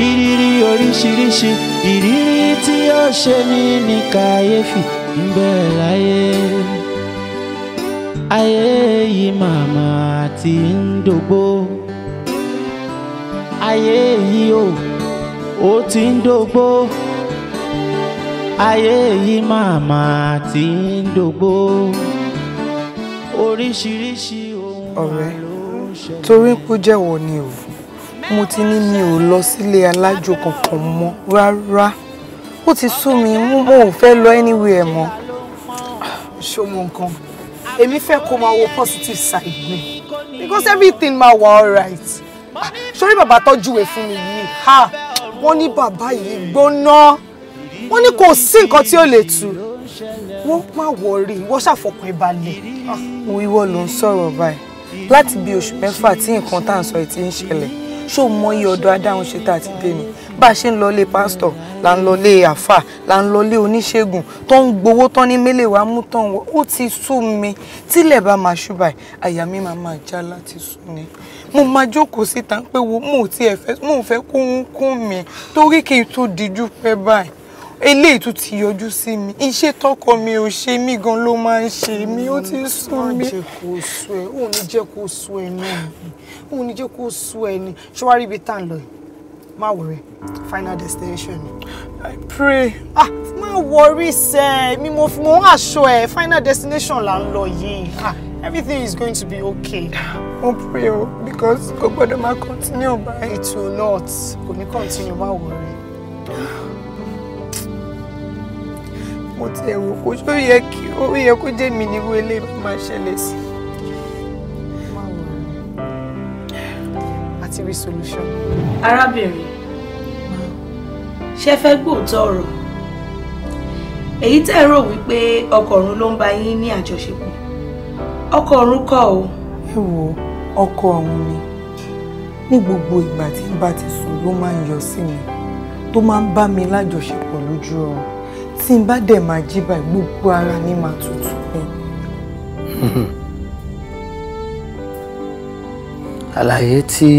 ìrírí oríṣiríṣi ìrírí tí ó ṣe ní ní kàyéfì ń bẹ láyé ayé yìí màmá ti ń dògbò ayé yìí o ó ti ń dògbò ayé yìí màmá ti ń dògbò oríṣiríṣi ohun àlọ́ ṣẹlẹ̀. ọ̀rẹ́ torí kú jẹ́wọ́ ni o mo ti ní mi ò lọ sílé alájò kankan mọ́ rárá ó ti sú mi mo ò fẹ́ lọ anywhere mọ́. ṣó mo nǹkan èmi fẹ́ kó máa wo positive side mi because everything ma wà alright sórí ah, bàbá tọ́jú ẹ̀ fún mi yìí wọ́n ní baba, yìí gbóná wọ́n ní kò sí nǹkan tí ó lè tù wọ́n má wọrí wọ́n ṣàfọkàn ìbalẹ̀. Ah. ìwọ ló ń sọ̀rọ̀ báyìí láti bí oṣù mẹ́fà tí nǹkan tá à ń sọ yìí ti ń ṣẹlẹ̀ ṣó mọ iye ọ̀dọ́ adáhùn ṣe tá a ti dé ni bá a ṣe ń lọlé pásítọ̀ là ń lọlé àáfà là ń lọlé oníṣègùn tó ń gbowó tán ní mélèé wàá mú tán wọ ó ti sú mi tílẹ̀ bá máa ṣú báyìí àyà mi máa máa já láti sú ni mo máa jókòó síta pé wo mo ò tiẹ̀ fẹ́ mo ò fẹ́ kó ń kún mi torí kí n tó dijú pẹ́ báyìí eléyìí tún ti yọjú sí mi iṣẹ́ tọkọ mi ò ṣe mí gan ló máa ń ṣe mí ó ti sú mi. òun ní jẹ́ kó sú ẹ náà òun ní jẹ́ kó sú ẹ ni ṣọwárí ibi tá à ń lọ yìí má worry final destination i pray ah má worry sẹ mi mo fi mo ń aṣọ ẹ final destination là ń lọ yìí ah everything is going to be okay. mo pray o because kò gbọ́dọ̀ máa continue báyìí. it will not kò ní continue má worry mo ti ẹ̀wò kó ṣó yẹ kí ó yẹ kó jẹ́ mi ní wẹ́lẹ́ máa ṣẹlẹ̀ sí. àti rí solution. arábìnrin ṣe fẹ́ gbóòótọ́ ọ̀rọ̀ èyí tẹ́ ẹ rò wípé ọkọ̀ ọ̀run ló ń bá yín ní àjọṣepọ̀ ọkọ̀ ọ̀run kọ́ o. ẹ wo ọkọ ọ̀run ni ní gbogbo ìgbà tí n bá ti sùn ló máa ń yọ sí mi tó máa ń bá mi lájọṣepọ̀ lójú ọ̀run tí n bá dẹ̀ máa jí báyìí gbogbo ara mi máa tutù ni. àlàyé tí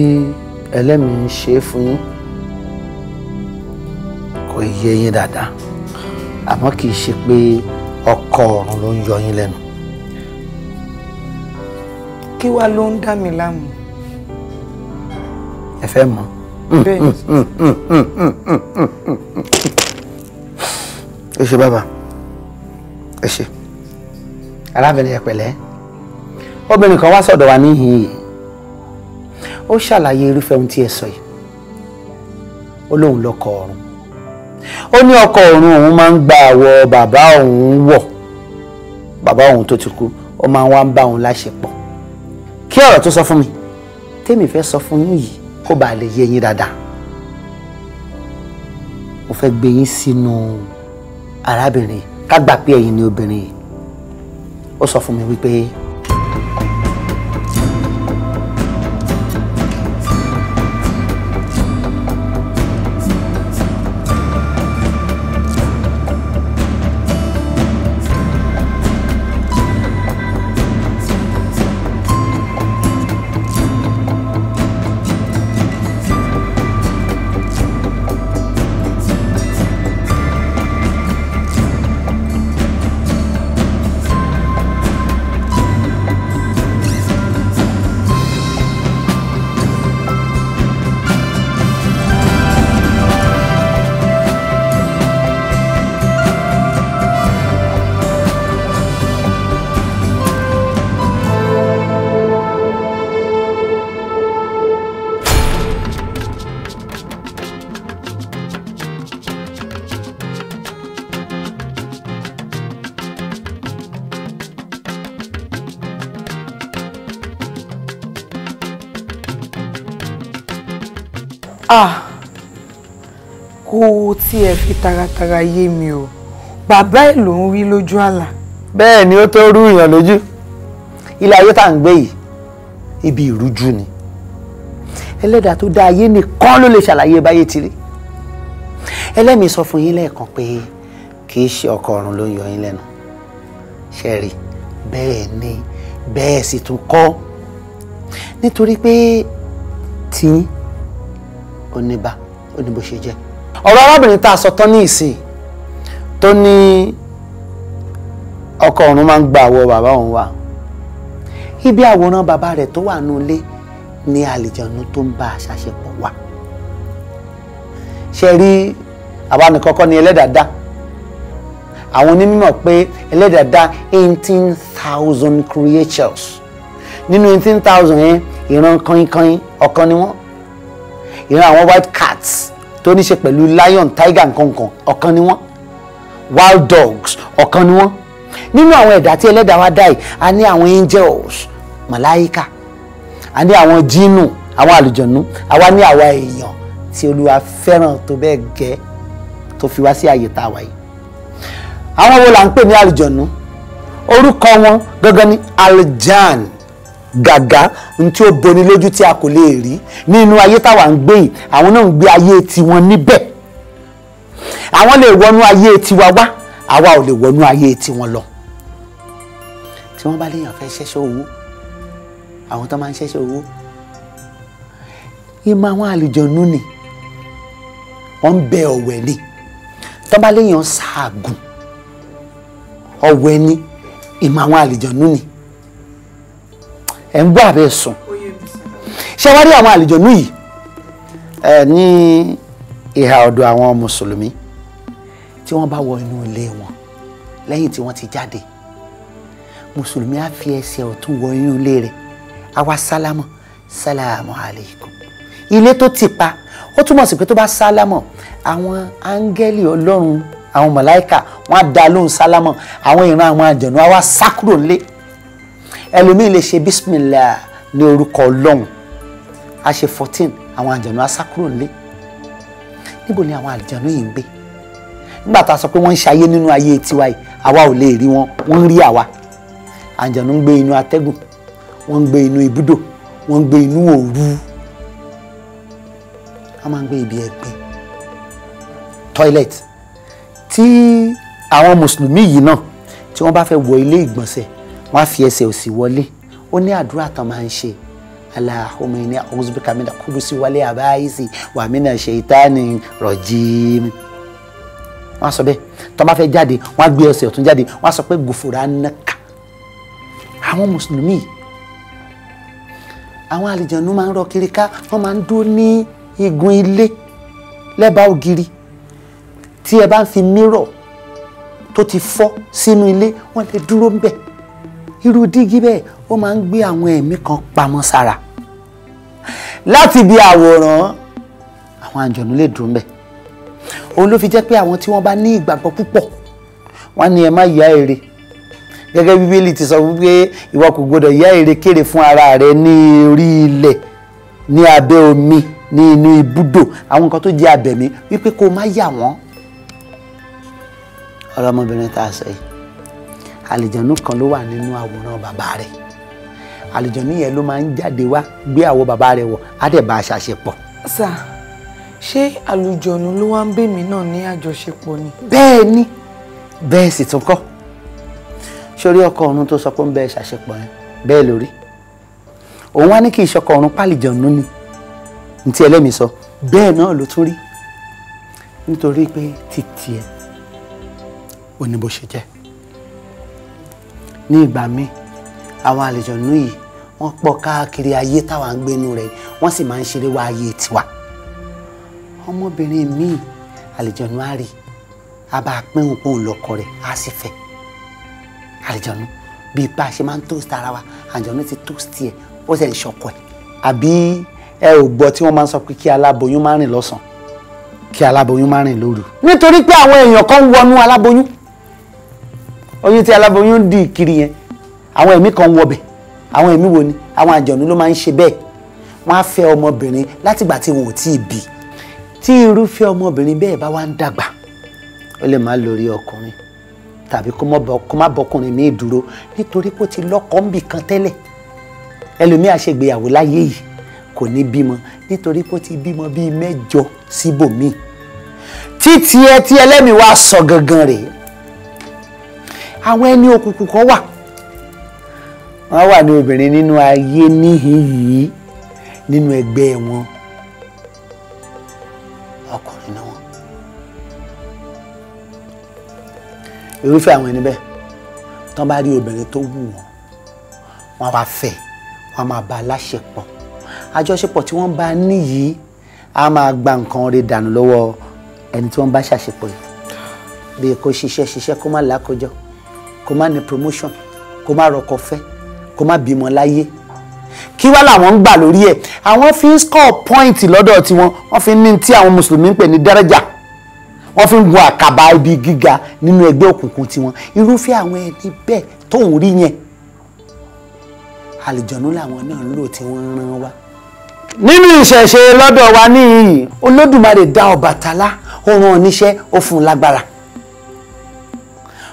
ẹlẹ́mìí ń ṣe fún yín kò yé yín dáadáa àmọ́ kì í ṣe pé ọkọ ọ̀run ló ń yọ yín lẹ́nu. kí wàá ló ń dà mí láàmú. ẹ fẹ́ mọ̀. bẹ́ẹ̀ ni. Ese baba, bàbá ẹ ṣé arábìnrin ẹ pẹ̀lẹ́ obìnrin kan wá sọ̀dọ̀ wa níhìn yìí ó ṣàlàyé irúfẹ́ ohun tí ẹ sọ yìí ó lóun lọkọ ọ̀run ó ní ọkọ ọ̀run òun máa ń gba àwọ̀ bàbá òun wọ̀ bàbá òun tó ti kú ó máa ń wá ń bá òun láṣepọ̀ kí ọ̀rọ̀ tó sọ fún mi tèmi fẹ́ sọ fún yìí kó bàa lè yé yín dáadáa mo fẹ́ gbé yín sínú. No arábìnrin ká gbà pé ẹ̀yin ni obìnrin ó sọ fún mi wípé Ah, kò tiẹ̀ fi taratara yé mi o bàbá ẹ̀ ló ń rí lójú àlà. bẹ́ẹ̀ ni ó tó rú ìyàn lójú ilé ayé tá à ń gbé yìí ibi ìrújú ni ẹlẹ́dàá tó dá ayé nìkan ló lè ṣàlàyé báyé ti rí ẹlẹ́mìí sọ fún yín lẹ́ẹ̀kan pé kì í ṣe ọkọ ọ̀run ló ń yọ yín lẹ́nu ṣe rí bẹ́ẹ̀ ni bẹ́ẹ̀ sì tún kọ́ nítorí pé tiyín ó ní bá ó ní bó ṣe jẹ́ ọ̀rọ̀ arábìnrin tá a sọ tán ní ìsìn tó ní ọkọ ọ̀run máa ń gba àwọ̀ bàbá òun wá ibi àwòrán bàbá rẹ̀ tó wà nù ilé ni àlìjànú tó ń bá àṣàṣepọ̀ wà ṣe rí àwa nìkan kọ́ ni ẹlẹ́dàá àwọn onímọ̀ pé ẹlẹ́dàá eighteen thousand creatures nínú eighteen thousand yẹn ìran kankan ọ̀kan ni wọ́n ìran àwọn white cats tó ní ṣe pẹ̀lú lion tiger nkankan ọ̀kan ni wọ́n wild dogs ọ̀kan ni wọ́n nínú àwọn ẹ̀dá tí ẹlẹ́dàá wa dá yìí a ní àwọn angels màláíkà a ní àwọn jínù àwọn àlùjọ̀nú àwa ní àwa èèyàn tí olúwa fẹ́ràn tó bẹ́ẹ̀ gẹ́ tó fi wá sí àyè tá a wà yìí àwọn wo là ń pè ní àlùjọ̀nú orúkọ wọn gangan ni aljan gàgá ntí ó boni lójú tí a kò lè rí nínú ayé táwa ń gbé yìí àwọn náà ń gbé ayé tiwọn níbẹ̀ àwọn lè wọnú ayé tiwa wá àwa ò lè wọnú ayé tiwọn lọ tí wọ́n bá léèyàn fẹ́ ṣẹ́ṣẹ́ owó àwọn tó máa ń ṣẹ́ṣẹ́ owó ìmọ̀ àwọn àlùjọ̀nú ni wọ́n ń bẹ ọ̀wẹ̀ ni tó bá léèyàn ṣaàgùn ọ̀wẹ̀ ni ìmọ̀ àwọn àlùjọ̀nú ni ẹ̀ ń gbọ́ àbẹ́ sùn ṣé wá rí àwọn àlìjọ̀nú yìí ẹ ní ìhà ọ̀dọ̀ àwọn mùsùlùmí tí wọ́n bá wọ inú ilé wọn lẹ́yìn tí wọ́n ti jáde mùsùlùmí á fi ẹsẹ̀ ọ̀tún wọ inú ilé rẹ̀ á wá sálámù sálámù aleikum ilé tó ti pa ó túmọ̀ sí pé tó bá sálámù àwọn áńgẹ́lì ọlọ́run àwọn màláíkà wọ́n á dá lóhùn sálámù àwọn ìran àwọn àjọ̀nú á wá nílé ẹlòmíì lè ṣe bísímìlà ní orúkọ ọlọ́run a ṣe fourteen àwọn àjànú á sá kúrò nílé níbo ni àwọn àjànú yìí ń gbé nígbà tá a sọ pé wọ́n ń ṣayé nínú ayé tiwa yìí àwa ò lè rí wọn wọ́n ń rí àwa àjànú ń gbé inú atẹ́gùn wọ́n ń gbé inú ibùdó wọ́n ń gbé inú òru wọ́n máa ń gbé ibi ẹ̀gbin toilet tí àwọn mùsùlùmí yìí náà tí wọ́n bá fẹ́ wọ ilé ìgbọ̀nsẹ̀ wọ́n á fi ẹsẹ̀ òsì wọlé ó ní àdúrà tán máa ń ṣe aláhùnmí ní ọ̀húnṣubíkà mi náà kúrú sí wálé àbáyísí wà mí náà ṣe ìtánì rọ̀jìm. wọ́n á sọ bẹ́ẹ̀ tó bá fẹ́ jáde wọ́n á gbé ẹsẹ̀ ọ̀tún jáde wọ́n á sọ pé gòfòrò ànákà àwọn mùsùlùmí àwọn àlìjànú máa ń rọ kiri ká wọ́n máa ń dúró ní igun ilé lẹ́bàá ògiri tí ẹ bá ń fi mírọ̀ tó ti fọ́ sínú ilé wọ́n lè dúró ń bẹ̀ irú dígí bẹ́ẹ̀ ó máa ń gbé àwọn ẹ̀mí kan pamọ́ sára láti bí àwòrán àwọn àjọ̀nú lè dùn bẹ́ẹ̀ òun ló fi jẹ́ pé àwọn tí wọ́n bá ní ìgbàgbọ́ púpọ̀ wọ́n ní ẹ má ya ère gẹ́gẹ́ bíbélì ti sọ wípé ìwọ kò gbọdọ̀ ya ère kéré fún ara rẹ ní orí ilẹ̀ ní abẹ́ omi ní inú ibùdó àwọn nǹkan tó jẹ́ abẹ̀mí wípé kó má yà wọ́n ọ̀rọ̀ tá a sọ yìí àlìjànú kan ló wà nínú àwòrán bàbá rẹ̀ àlìjànú yẹn ló máa ń jáde wá gbé àwọ̀ bàbá rẹ̀ wọ̀ á dẹ̀ sà ṣé àlùjọ̀nù ló wá ń bèmí náà ní àjọṣepọ̀ ni. bẹ́ẹ̀ ni bẹ́ẹ̀ sì tún kọ́ sórí ọkọ ọ̀run tó sọ pé ń bẹ́ẹ̀ ṣàṣepọ̀ yẹn bẹ́ẹ̀ lórí òun wá ní kí ìṣọkọ ọ̀run pálíjọ̀nù ni ntí ẹlẹ́mìí sọ bẹ́ẹ̀ náà ló tún rí nítorí pé títí ẹ ò bó ṣe jẹ́ ní ìgbà míì àwọn àlejòónú yìí wọ́n pọ̀ káàkiri ayé táwa ń gbénu rẹ̀ wọ́n sì máa ń ṣeré wá ayé tiwa ọmọbìnrin míì àlejòónú á rí a bá pín òpóun lọ́kọ rẹ̀ á sì fẹ́ àlejòónú bíi bá a ṣe máa ń toast ara wa àlejòónú ti toast ẹ̀ ó sì ń ṣọkọ ẹ̀ àbí ẹ ò gbọ́ tí wọ́n máa ń sọ pé kí aláboyún má rìn lọ́sàn kí aláboyún má rìn lóru nítorí pé àwọn èèyàn kan wọnú aláboyún oyún tí aláboyún dì kiri yẹn àwọn ẹ̀mí kan wọbẹ̀ àwọn ẹ̀mí wo ni àwọn àjọ̀nú ló máa ń ṣe bẹ́ẹ̀ wọ́n á fẹ́ ọmọbìnrin látìgbà tí wọn ò tí ì bí tí irúfẹ́ ọmọbìnrin bẹ́ẹ̀ bá wá ń dàgbà ó lè má lórí ọkùnrin tàbí kó má bọkùnrin míì dúró nítorí pé ó ti lọ́kọ ńbì kan tẹ́lẹ̀ ẹlòmíì àṣegbéyàwó láyé yìí kò ní bímọ nítorí pé ó ti bímọ bíi mẹ́jọ síbòmíì títí ẹ tí ẹlẹ́mìí wá sọ gangan rèé àwọn ẹni òkùnkùn kan wà wọ́n wà ní obìnrin nínú ayé níhìnyí nínú ẹgbẹ́ wọn ọkùnrin náà wọn irúfẹ́ àwọn ẹni bẹ́ẹ̀ tó bá rí obìnrin tó wù wọ́n wọ́n wá fẹ́ wọ́n máa bá a láṣepọ̀ àjọṣepọ̀ tí wọ́n bá níyìí á máa gba nǹkan rẹ̀ dànù lọ́wọ́ ẹni tí wọ́n bá ṣàṣepọ̀ yìí bí kò ṣiṣẹ́ ṣiṣẹ́ kó má lákòjọ́ kó má ní promotion kó má rọkọ fẹ́ kó má bímọ láyé kí wá làwọn ń gbà lórí ẹ̀ àwọn fi ń score point lọ́dọ̀ tiwọn wọ́n fi ń ní tí àwọn mùsùlùmí ń pè ní dẹ́rẹ́jà wọ́n fi ń gun àkàbà ibi gíga nínú ẹgbẹ́ òkùnkùn tiwọn irúfẹ́ àwọn ẹni bẹ́ẹ̀ tó ń rí yẹn àlìjọ̀nú làwọn náà ń lò tí wọ́n ń rán wa. nínú ìṣẹ̀ṣe lọ́dọ̀ wa níhìn Olódùmarè dá Ọbàtálá ó rán oníṣẹ́ ó fún un lágbára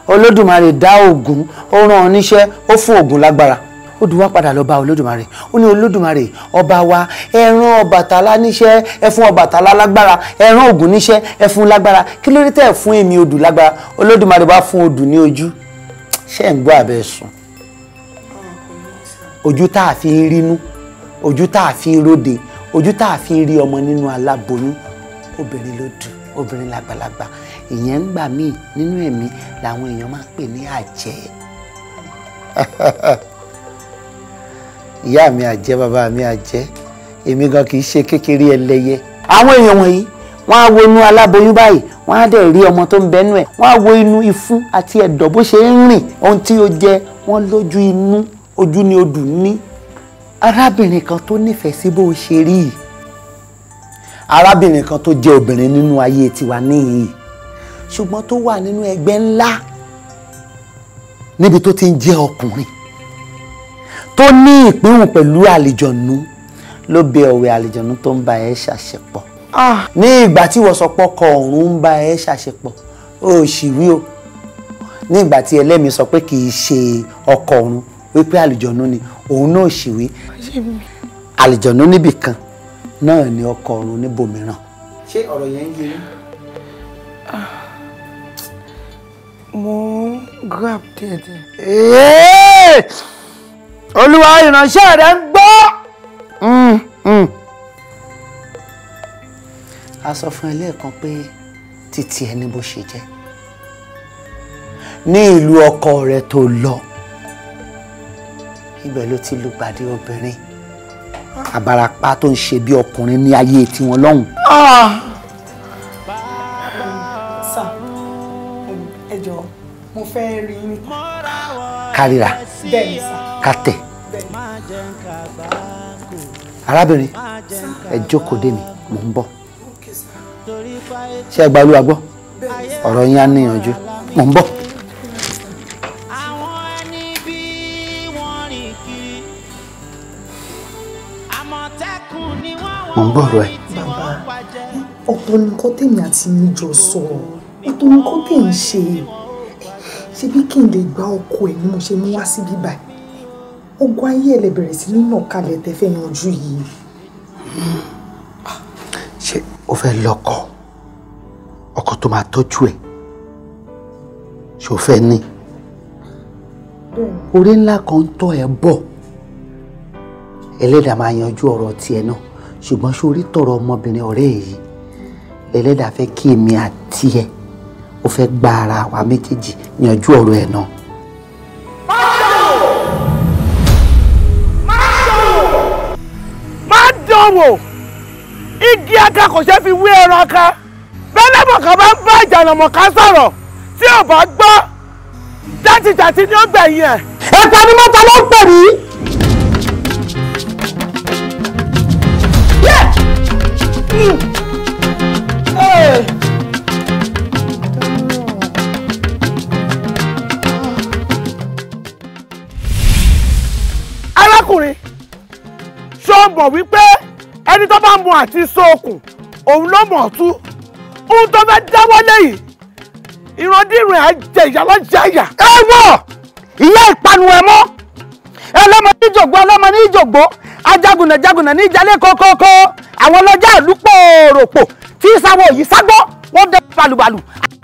olódùmarè dá ògún ó rán oníṣẹ́ ó fún ògún lágbára ó dùn wá padà lọ bá olódùmarè ó ní olódùmarè ọba wa ẹ rán ọbàtálá níṣẹ́ ẹ fún ọbàtálá lágbára ẹ rán ògún níṣẹ́ ẹ fún lágbára kí ló dé tẹ́ fún èmi odù lágbára olódùmarè bá fún odù ní ojú ṣé ń gbọ́ abẹ́ sùn ojú tá a fi ń rínú ojú tá a fi ń ròde ojú tá a fi rí ọmọ nínú aláboyún obìnrin ló dù obìnrin làgbàlagbà ìyẹn ń gbà míì nínú ẹ̀mí làwọn èèyàn máa ń pè ní àjẹ́ ìyá mi àjẹ́ bàbá mi àjẹ́ èmi gan kì í ṣe kékeré ẹlẹ́yẹ àwọn èèyàn wọ̀nyí wọ́n á wo inú aláboyún báyìí wọ́n á dẹ̀ rí ọmọ tó ń bẹ́nu ẹ̀ wọ́n á wo inú ìfun àti ẹ̀dọ̀ bó ṣe ń rìn ohun tí ó jẹ wọ́n lójú inú ojú ni odù ní arábìnrin kan tó nífẹ̀ẹ́ sí bó ṣe rí arábìnrin kan tó jẹ́ obìnrin nínú ayé tiwa níhìn ṣùgbọ́n tó wà nínú ẹgbẹ́ ńlá níbi tó ti ń jẹ́ ọkùnrin tó ní ìpínwùn pẹ̀lú àlìjọ̀nù ló bẹ ọ̀wẹ̀ àlìjọ̀nù tó ń bá ẹ ṣàṣepọ̀ ah. ní ìgbà tí wọ́sọpọ̀ kọ ọ̀run ń bá ẹ ṣàṣepọ̀ ó sì wí o ní ìgbà tí ẹlẹ́mi sọ pé kì í ṣe ọkọ ọ̀run wípé àlìjọ̀nù ni òun náà sì wí àlìjọ̀nù níbìkan náà ni ọkọ ọ̀run níbòmíràn ṣé ọ̀rọ̀ yẹn ń yé yín. Ah mo ń grab díẹ̀díẹ̀. olúwa ìránṣẹ́ rẹ̀ ń gbọ́. Mm, mm. a sọ fún ẹ lẹ́ẹ̀kan pé títí ẹ ní bó ṣe jẹ́ ní ìlú ọkọ rẹ tó lọ ibẹ̀ ló ti lùgbàdì obìnrin àbàràpá tó ń ṣe bí ọkùnrin ní ayé tiwọn lọ́hùn. Ah! mo fẹ́ rí yín. kárìíra kátẹ̀ arábìnrin ẹ jókòó dé mi mò ń bọ̀ ṣé ẹ gba olúwa gbọ́ ọ̀rọ̀ yín á níyànjú mò ń bọ̀. mò ń bọ̀ ọ̀rọ̀ bàbá ọ̀pọ̀ nǹkan tèmi àti yín jọ sọ̀rọ̀ ọ̀pọ̀ nǹkan tèmi ṣe ṣe bí kí n lè gba ọkọ ẹ̀ ni mo ṣe mú wá síbí báyìí ogun ayé ẹ̀ lè bẹ̀rẹ̀ sí nínà kalẹ̀ tẹ́ fẹ́ yanjú yìí. ṣé o fẹ́ lọ́kọ ọkọ tó máa tọ́jú ẹ̀ ṣé o fẹ́ ní. orí ńlá kan ń tọ́ ẹ bọ̀ ẹlẹ́dàá máa yanjú ọ̀rọ̀ tiẹ̀ náà ṣùgbọ́n ṣorí tọ̀rọ̀ ọmọbìnrin ọ̀rẹ́ yìí ẹlẹ́dàá fẹ́ kí èmi àti ẹ̀ ó fẹ́ gba ara wa méjèèjì yanjú ọ̀rọ̀ ẹ̀ náà. má dánwò má dánwò igi aka kò ṣe fi wé ẹran ká bẹ́ẹ̀ mọ̀ká bá ń bá ìjànàmọ̀ká sọ̀rọ̀ tí ò bá gbọ́ játijàti ni ó gbẹ̀yìn ẹ̀. ẹ̀ka ni mọ́ta ló ń pè mí. Yeah. Mm. ṣó mọ̀ wípé ẹni tó bá mu àti sókùn òun ló mọ̀ tú ohun tó fẹ́ dáwọ́ lẹ́yìn ìrandíran àjẹ ìyá lọ́jà àyà. ẹ wọ ìyá ìpanu ẹ mọ ẹlọmọ ní ìjògbó ọlọmọ ní ìjògbó ajagunà jagunà ní ìjálẹ kọkọọkọ àwọn ọlọjà àlùpọ̀ òròpò tí sáwọ yìí ságbọ́ wọ́n dẹ́ balùbalù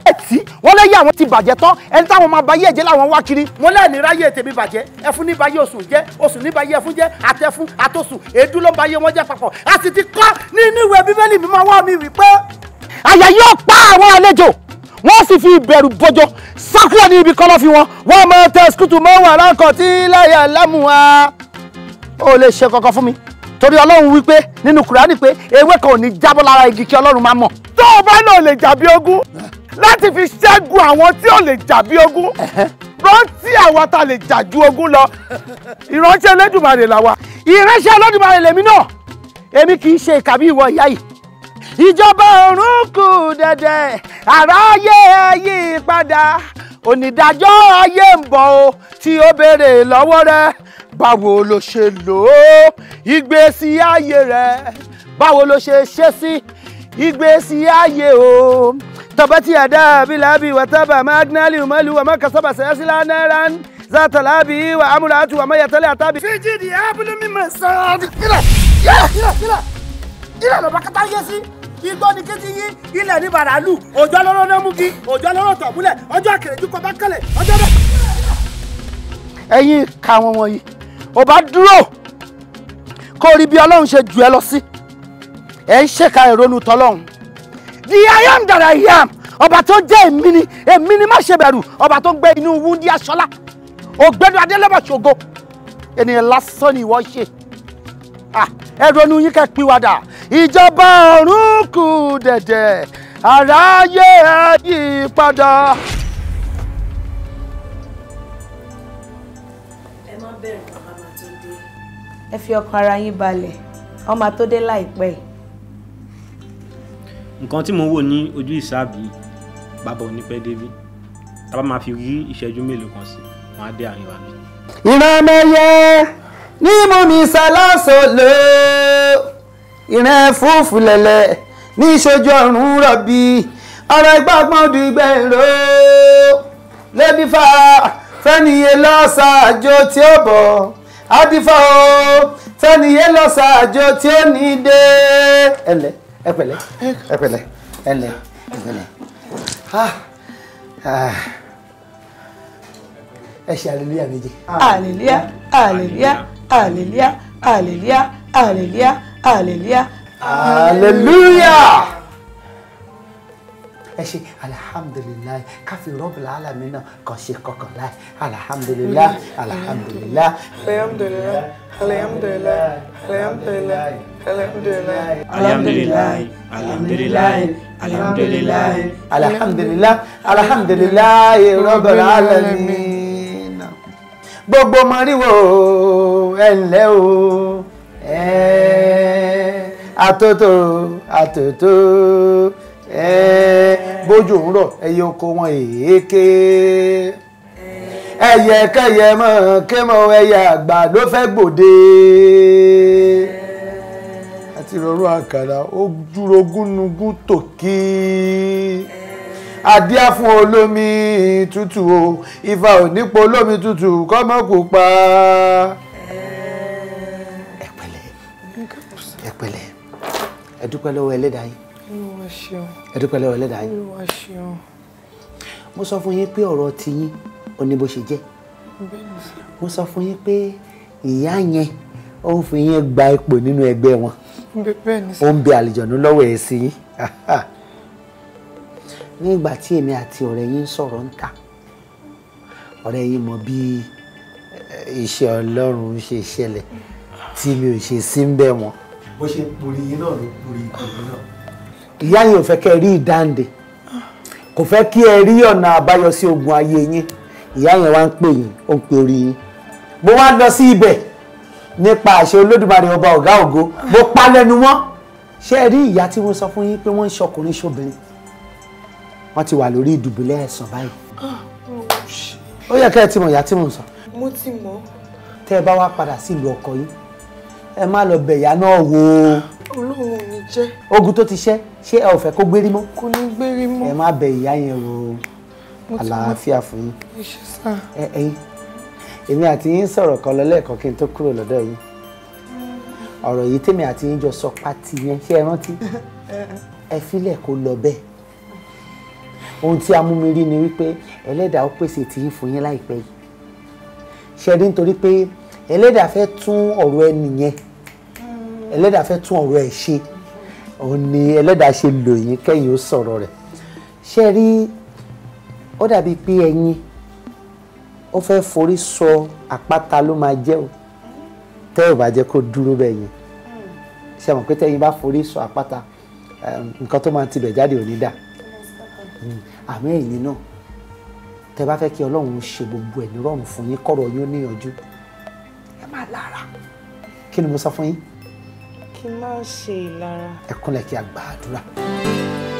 ẹ̀tí wọ́n lẹ́yìn àwọn ti bàjẹ́ tán ẹni táwọn máa bayé ẹ̀jẹ̀ làwọn wá kiri. wọ́n lẹ́ẹ̀ ní ráyè tèmi bàjẹ́ ẹfun ní bayé osùn jẹ́ osùn ní bayé ẹfun jẹ́ àtẹfun àtosùn èédú ló bayé wọn jẹ́ papọ̀ a sì ti kọ́ nínú ìwé bíbélì mi máa wá mi wí pé. àyà yóò pa àwọn àlejò wọ́n sì fi ìbẹ̀rù bọ́jọ́ sákúrò ní ibi kọ́lọ́ fi wọn wọ́n máa tẹ skutu mọ́wàá láǹkọ̀ tó o bá náà lè jàbí ogún láti fi ṣẹ́gun àwọn tí ò lè jà bí ogún rántí àwa ta lè jà ju ogún lọ ìránṣẹ́ Elédùmarè làwa. ìránṣẹ́ Elédùmarè lèmi náà èmi kì í ṣe ìkà bí ìwọ ìyá yìí. ìjọba ọ̀run kù dẹ̀dẹ̀ àráyé ẹ yí padà onídàájọ́ ayé ń bọ̀ o tí ó béèrè lọ́wọ́ rẹ báwo ló ṣe lò ó ìgbésí ayé rẹ báwo ló ṣe ṣe sí ìgbésí ayé o. تبت يدا بلابي وتبا ما أغنى لي ماله وما كسب سيصل نارا ذات لابي وعملت وما يتلى تابي في جدي أبل من مساد إلى إلى إلى إلى إلى لو بكتا يسي igbó ni kétí yín ilẹ̀ ní bàràlù òjò lọ́rọ́ náà mú kí òjò lọ́rọ́ tọ̀ múlẹ̀ ọjọ́ àkèrèjú kọ bá kẹlẹ̀ ọjọ́ bẹ́ẹ̀. ẹ̀yin ka wọn wọ̀nyí ò bá dúró kó rí bí ọlọ́run ṣe jù ẹ lọ sí ẹ̀ ń ṣèkà ìrònú tọ́lọ́run the I am that I am ọba tó jẹ́ èmi ni èmi ni má ṣe bẹ̀rù ọba tó ń gbé inú wúndí aṣọlá ògbẹ́nu adélẹ́bọ̀ ṣògo ènìyàn lásán ni ìwọ ṣe ẹ ronú yín kẹ́ pìwàdà ìjọba ọ̀run kù dẹ̀dẹ̀ àráyé ẹ yí padà. ẹ má bẹ̀rù ọmọ tó dé. ẹ fi ọkàn ara yín balẹ̀ ọmọ tó dé láìpẹ́ yìí nǹkan tí mò ń wò ní ojú ìsáàbì bàbá onípẹ́ débi tábà máa fi rí ìṣẹ́jú mélòó kan sí wọn á dé àárín wa bí. ìrànmẹ́yẹ ní mú mi ṣàlàsọ lò ìrìn fúfú lẹ̀lẹ̀ ní ìṣojú ọ̀run rọ̀bì ọ̀rọ̀ ìgbàgbọ́n ọdún ìgbẹ́ ìró lẹ́bífà fẹ́niyé lọ́sàájò tí ó bọ̀ ádífà fẹ́niyé lọ́sàájò tí ó ní dé ẹ̀lẹ́ ẹ pẹ̀lẹ́ ẹ pẹ̀lẹ́ ẹ lẹ ẹ pẹ̀lẹ́ ẹ aleluya aleluya aleluya aleluya aleluya aleluya aleluya. aleluya ẹ ṣe alihamudulilayi káfí rọ́bì làálàmì náà kàn ṣe kọkàn láì alihamudulilayi alihamudulilayi. alihamudulilayi alihamudulilayi alihamudulilayi alihamudulilayi. alihamudulilayi alihamudulilayi alihamudulilayi alihamudulilayi alihamudulilayi rọ́bì làálàmì náà. gbogbo mọ́ríwò ẹ̀ ǹlẹ́ o ẹ̀ àtòtò àtòtò ẹ̀ bójú ń rọ̀ ẹyẹ oko wọn èéké ẹyẹ kẹyẹ mọ kémọ ẹyẹ àgbà ló fẹ́ gbòde àti ìrọ̀rùn àkàrà ó dúró gúnugún tòkí adíá fún olómi tútù o ifá ò nípo olómi tútù kọ́mọ kò pa. ẹ pẹ̀lẹ́ ẹ pẹ̀lẹ́ ẹ dúpẹ́ yìí ẹ dúpẹ́ lọ́wọ́ ẹlẹ́dàá yín mo sọ fún yín pé ọ̀rọ̀ tiyín ò ní bó ṣe jẹ́ mo sọ fún yín pé ìyá yẹn ó ń fi yín gba ipò nínú ẹgbẹ́ wọn ó ń bẹ àlìjọ̀nú lọ́wọ́ ẹ̀ sí yín nígbà tí èmi àti ọ̀rẹ́ yín sọ̀rọ̀ ń ta ọ̀rẹ́ yín mọ bí eh, iṣẹ́ ọlọ́run ṣe ṣẹlẹ̀ tí mi ò ṣe sí ń bẹ̀ wọ́n. bó ṣe pori yín náà ló pori ìpinnu náà ìyá yìí ò fẹ́ kẹ́ rí ìdáǹdè kò fẹ́ kí ẹ rí ọ̀nà àbáyọ sí ogun ayé yín ìyá yẹn wá ń pè yín ó ń pe orí yín mo wá lọ sí ibẹ̀ nípa àṣẹ olódùmarè ọba ọ̀gá ògo mo pa lẹ́nu mọ́ ṣé ẹ rí ìyá tí mo sọ fún yín pé wọ́n ń ṣọkùnrin ṣobìnrin wọ́n ti wà lórí ìdùbúlẹ̀ ẹ̀sán báyìí ó yẹ kẹ́ ẹ ti mọ̀ ìyá tí mo sọ. mo ti mọ̀. tẹ́ ẹ bá wá padà sílùú ọkọ yín ẹ má lọ bẹ̀ náà wò ó. olóhùn ṣẹ́. ogun tó ti ṣẹ́ ṣé ẹ ò fẹ́ kó gbérí mọ́. kò ní gbérí mọ́. ẹ má bẹ ìyá yẹn wò ó àlàáfíà fún yín. ẹ ẹyin èmi àti yín sọ̀rọ̀ kan lọ lẹ́ẹ̀kan kí n tó kúrò lọ́dọ̀ yín ọ̀rọ̀ yìí tèmi àti yín jọ sọ pátì yẹn ṣé ẹ rántí ẹ filẹ̀ kó lọ bẹ́ẹ̀ ohun tí a mú mi rí ni wípé ẹlẹ́dàá ó pèsè tìyín fún yín láìpẹ́ yìí ṣe rí nítorí pé ẹlẹ́dàá fẹ́ tún ọ̀rọ̀ ẹnìyẹn hmm. ẹlẹ́dàá fẹ́ tún ọ̀rọ̀ ẹ̀ ṣe. Mm òun ni ẹlẹ́dàá ṣe lò yín kẹ́yìn ó sọ̀rọ̀ rẹ̀ ṣe rí ó dàbí pé ẹ̀yin ó fẹ́ forí sọ àpáta ló máa jẹ́ o tẹ́ ò bá jẹ́ kó dúró bẹ́ẹ̀ yẹn ṣe mọ̀ pé tẹ́yin bá forí sọ àpáta nǹkan tó máa tibẹ̀ jáde ò ní dà hmm, àmì ẹ̀yin náà tẹ́ bá fẹ́ kí ọlọ́run ṣe gbogbo ẹ̀ nírọ̀rùn fún yín kọ́rọ̀ yín ó níyànjú ẹ má lára kí ni mo sọ fún yín kí n má ṣe ìlara. ẹ kúnlẹ̀ kí a gba àdúrà.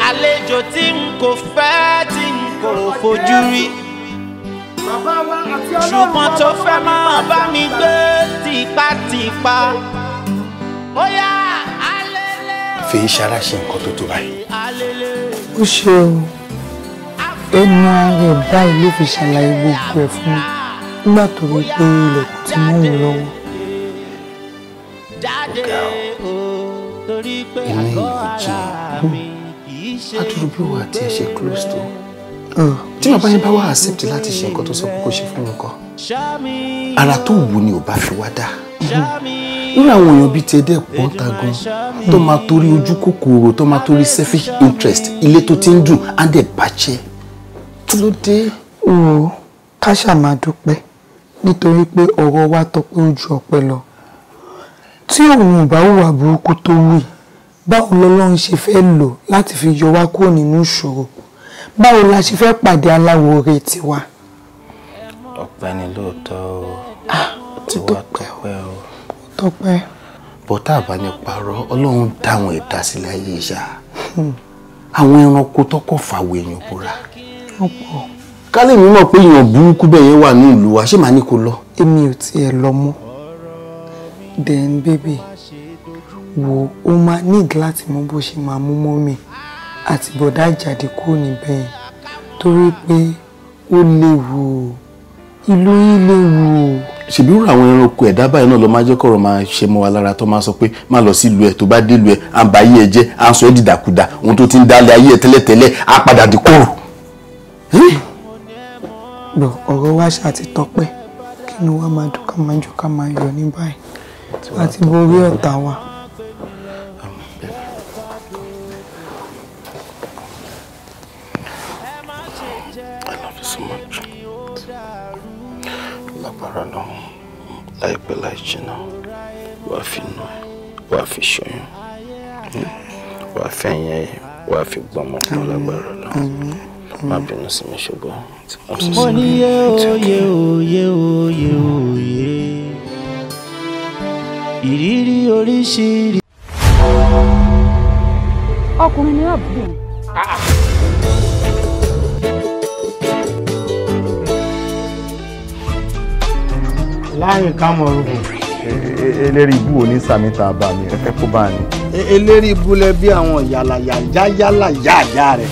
àlejò tí n kò fẹ́ tí n kò fojú rí ṣùgbọ́n tó fẹ́ máa bá mi gbé tipátipá ó alele. fi ìṣara ṣe nǹkan tó tó báyìí. ó ṣe o ẹnu ara báyìí ló fi ṣàlàyé gbogbo ẹ̀ fún mi nígbà tó rí pé ilẹ̀kùn ti mú òun lọ́wọ́ jáde o torí pé àgọ́ ara mi kì í ṣe ibùgbé. àdúrógbò wa ti close to tí bàbá yẹn bá wá accept láti ṣe nǹkan tó sọ pé kó ṣe fún nǹkan ara tó wù ni ò bá fi wá dá nínú àwọn èèyàn bíi tiẹ̀ dẹ̀ pọ̀ ń ta gan tó máa torí ojú kòkòrò tó máa torí selfish interest ilé tó ti ń dùn á dẹ̀ bàjẹ́ kí ló dé. o ká ṣàmà dúpẹ́ nítorí pé ọ̀rọ̀ wa tọpẹ́ ojú ọpẹ́ lọ tí òun ò bá hùwà burúkú tó wù báwo lọ́lọ́run ṣe fẹ́ lò láti fi yọ wá kúrò nínú ìṣòro báwo la ṣe fẹ́ pàdé aláwo rẹ tiwa. ọpẹ́ ni lóòótọ́ o tiwa tọpẹ́ o. tọpẹ́. bọ́tà bá ní parọ́ ọlọ́run dáhùn ẹ̀dá sílẹ̀ ayé ìṣá àwọn ẹranko tọkọ fàwọ èèyàn búra. kálí mi mọ̀ pé èèyàn burúkú bẹ́ẹ̀ yẹn wà ní ìlú wa ṣé màá ní kó lọ. èmi ò tiẹ̀ lọ mọ́ then baby wo ó máa need láti mọ bó ṣe máa mú mọ́mì àti bọ̀dá ìjàdí kúrò níbẹ̀ torí pé ó léwu ìlú yín léwu. ṣèbí wúrà àwọn ẹranko ẹ̀dá báyìí náà ló máa jẹ́ kọ̀rọ̀ máa ṣe mọ́ wa lára tó máa sọ pé má lọ sílùú ẹ̀ tó bá délùú ẹ̀ à ń ba ayé ẹ jẹ́ à ń sọ ẹ́ dìdàkudà ohun tó ti ń dálé ayé ẹ tẹ́lẹ̀tẹ́lẹ̀ á padà di kòrò. gbọ̀ ọ̀rọ̀ wa ti tọpẹ́ kí ni wàá máa dùn ká máa jù ká máa yọ ní báyìí àti borí ọ̀tá wa. lágbára lọ́hùn láìpẹ́ láì jìnnà wàá fi nù ẹ́ wàá fi ṣoyún hmm, wàá fi ẹ̀yìn ẹ̀ wàá fi gbọ́mọ kan lágbára lọ́hùn má bínú sí mi ṣùgbọ́n. mo ní yé oyè oyè oyè oyè ìrírí oríṣiríṣi. ọkùnrin ni wọ́n bí mi. láyé ká mọ orúkọ. eléri ibú ò ní sàmì tá a bá mi ẹ kó bá ní. E-, eléri ibú lẹ bí àwọn yàlàyà yáyàlà yáàyà rẹ.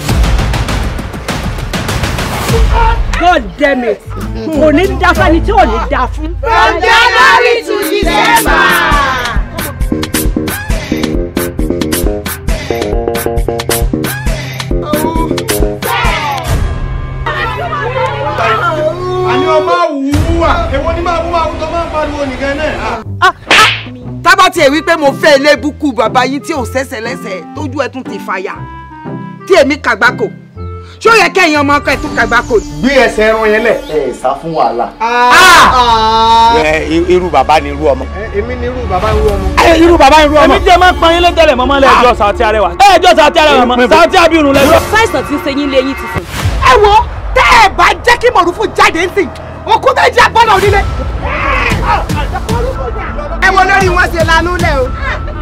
God damn it! Kò ní dáfẹ́ ni tí ò ní dá fún. From January to December. pariwo nìkan náà. Ah, ah, tábà tiẹ̀ wí pé mo fẹ́ ilé búkú bàbá yín tí ò sẹ́sẹ̀ lẹ́sẹ̀ tójú ẹ̀ tún ti fàyà tí èmi kàgbákò ṣó yẹ kẹ́yìn ọmọ ọkọ ẹ̀ tún kàgbákò. gbé ẹsẹ̀ ẹran yẹn lẹ̀. ẹ ẹ sá fún wàhálà. Ah! irú bàbá ni irú ọmọ. èmi ni irú bàbá irú ọmọ. irú bàbá irú ọmọ. èmi jẹ́ máa ń pan ilé tẹ́lẹ̀ mọ́mọ́ lẹ́jọ́ sàtí arẹwà. ẹ̀ẹ́jọ́ sàtí arẹwà mọ́ sàtí abirùn lẹ́jọ́. fáìsàn ti ń ṣe yín lé yín ti sùn. ẹ wo tẹ́ ẹ bá jẹ́ kí mọ̀rúfù jáde ń sìn òkúta ìjà bọ́lá onílé ẹ wo lórí wọn ṣe lanú lẹ o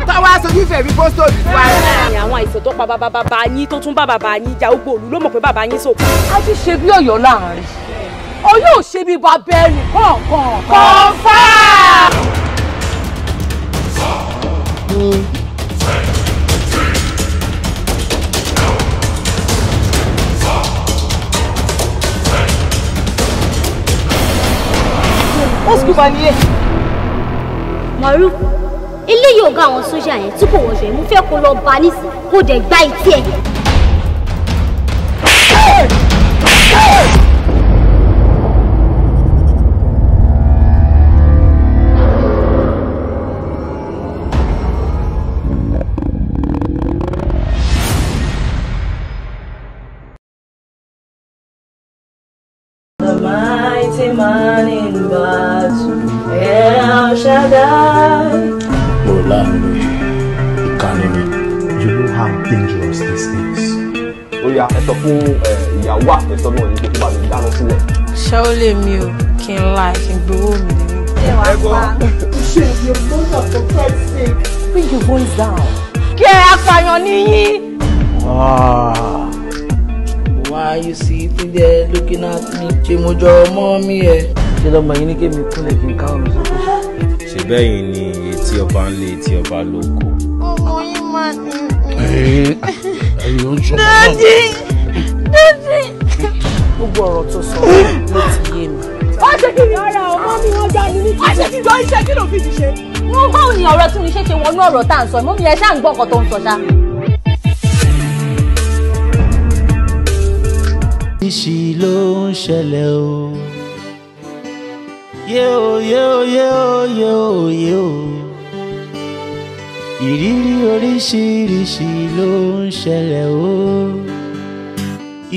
tọwọ aṣojú fẹmi bóso bí wa. láàrin àwọn àìsàn tó pa bàbá bàbá yín tó tún bá bàbá yín ja ó gbòòlù ló mọ̀ pé bàbá yín sòkò. a ti ṣe bí ọ̀yọ́ láàrin o yóò ṣe bí bàbá ẹni kọ̀ọ̀kan. kọ̀ọ̀fà. Hmm. wa nìyẹn. Maruf eléyìí ọ̀gá àwọn sójà yẹn tí kò wọṣọ yẹn mo fẹ́ kó lọ bá a nísìn kó dẹ̀ gbá etí ẹ̀. lè mi o kí n la kí n gbowó mi lè mi. Your mother for Christ's sake, bring your voice down. Kẹ́ apààyàn nìyí. Ah. Why you sitting there looking at me? Ṣé mo jọ ọmọ mi ẹ? Ṣé lọ́mọ yín ní kémi kúnlẹ̀ kí n ká omi sókè? Ṣé bẹ́ẹ̀ ni etí ọba ń lé etí ọba lóko? Ọmọ yín máa ní. Ẹ̀yin ẹ̀yin ń eh, sọ̀rọ̀ eh, eh, náà gbogbo ọ̀rọ̀ tó sọ ló ti yé mi. ó ṣe kí ni ara ọmọ mi wọn já mi ní kí. ṣe kí ni ó ṣe kí ló fi ti ṣe. wọn báwo ọ̀rọ̀ tí mi ṣe ṣe wọnú ọ̀rọ̀ tá à ń sọ mọ́mí ẹ ṣáà ń gbọ́ ọkọ̀ tó ń sọ ṣá. ìṣì ló ń ṣẹlẹ̀ o yéo yéo yéo yéo yéo ìrírí oríṣiríṣi ló ń ṣẹlẹ̀ o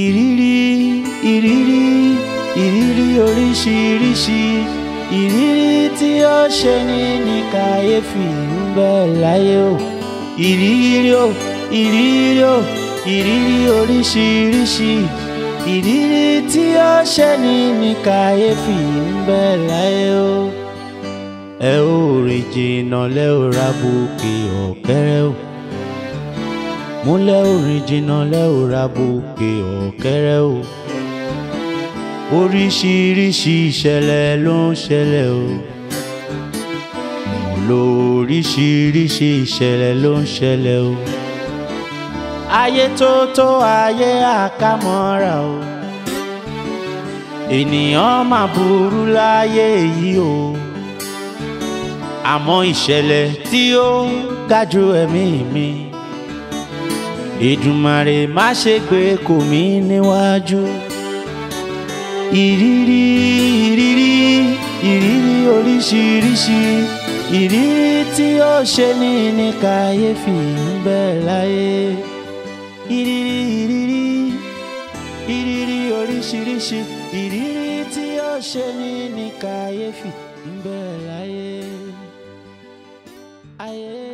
ìrírí ìrírí ìrírí oríṣiríṣi ìrírí tí ó ṣe ní ní kàyéfì ń bẹ láyé o ìrírí o ìrírí o ìrírí oríṣiríṣi ìrírí tí ó ṣe ní ní kàyéfì ń bẹ láyé o ẹ ò rìn jìnnà lẹ ò ra bòkè ọ̀kẹ́rẹ́ o múlẹ̀ ò rìn jìnnà lẹ ò ra bòkè o oríṣiríṣi ìṣẹ̀lẹ̀ ló ń ṣẹlẹ̀ o mo lo oríṣiríṣi ìṣẹ̀lẹ̀ ló ń ṣẹlẹ̀ o ayé tó tó ayé àkàmọ́ra o ènìyàn mà burú láyé yìí o àmọ́ ìṣẹ̀lẹ̀ tí ó ga jù ẹ̀mí mi Èdùmàrè má ṣe gbé kò mí níwájú ìrírí ìrírí ìrírí oríṣiríṣi ìrírí tí ó ṣe ní ní kàyéfì ń bẹ láyé ìrírí ìrírí ìrírí oríṣiríṣi ìrírí tí ó ṣe ní ní kàyéfì ń bẹ láyé ayé.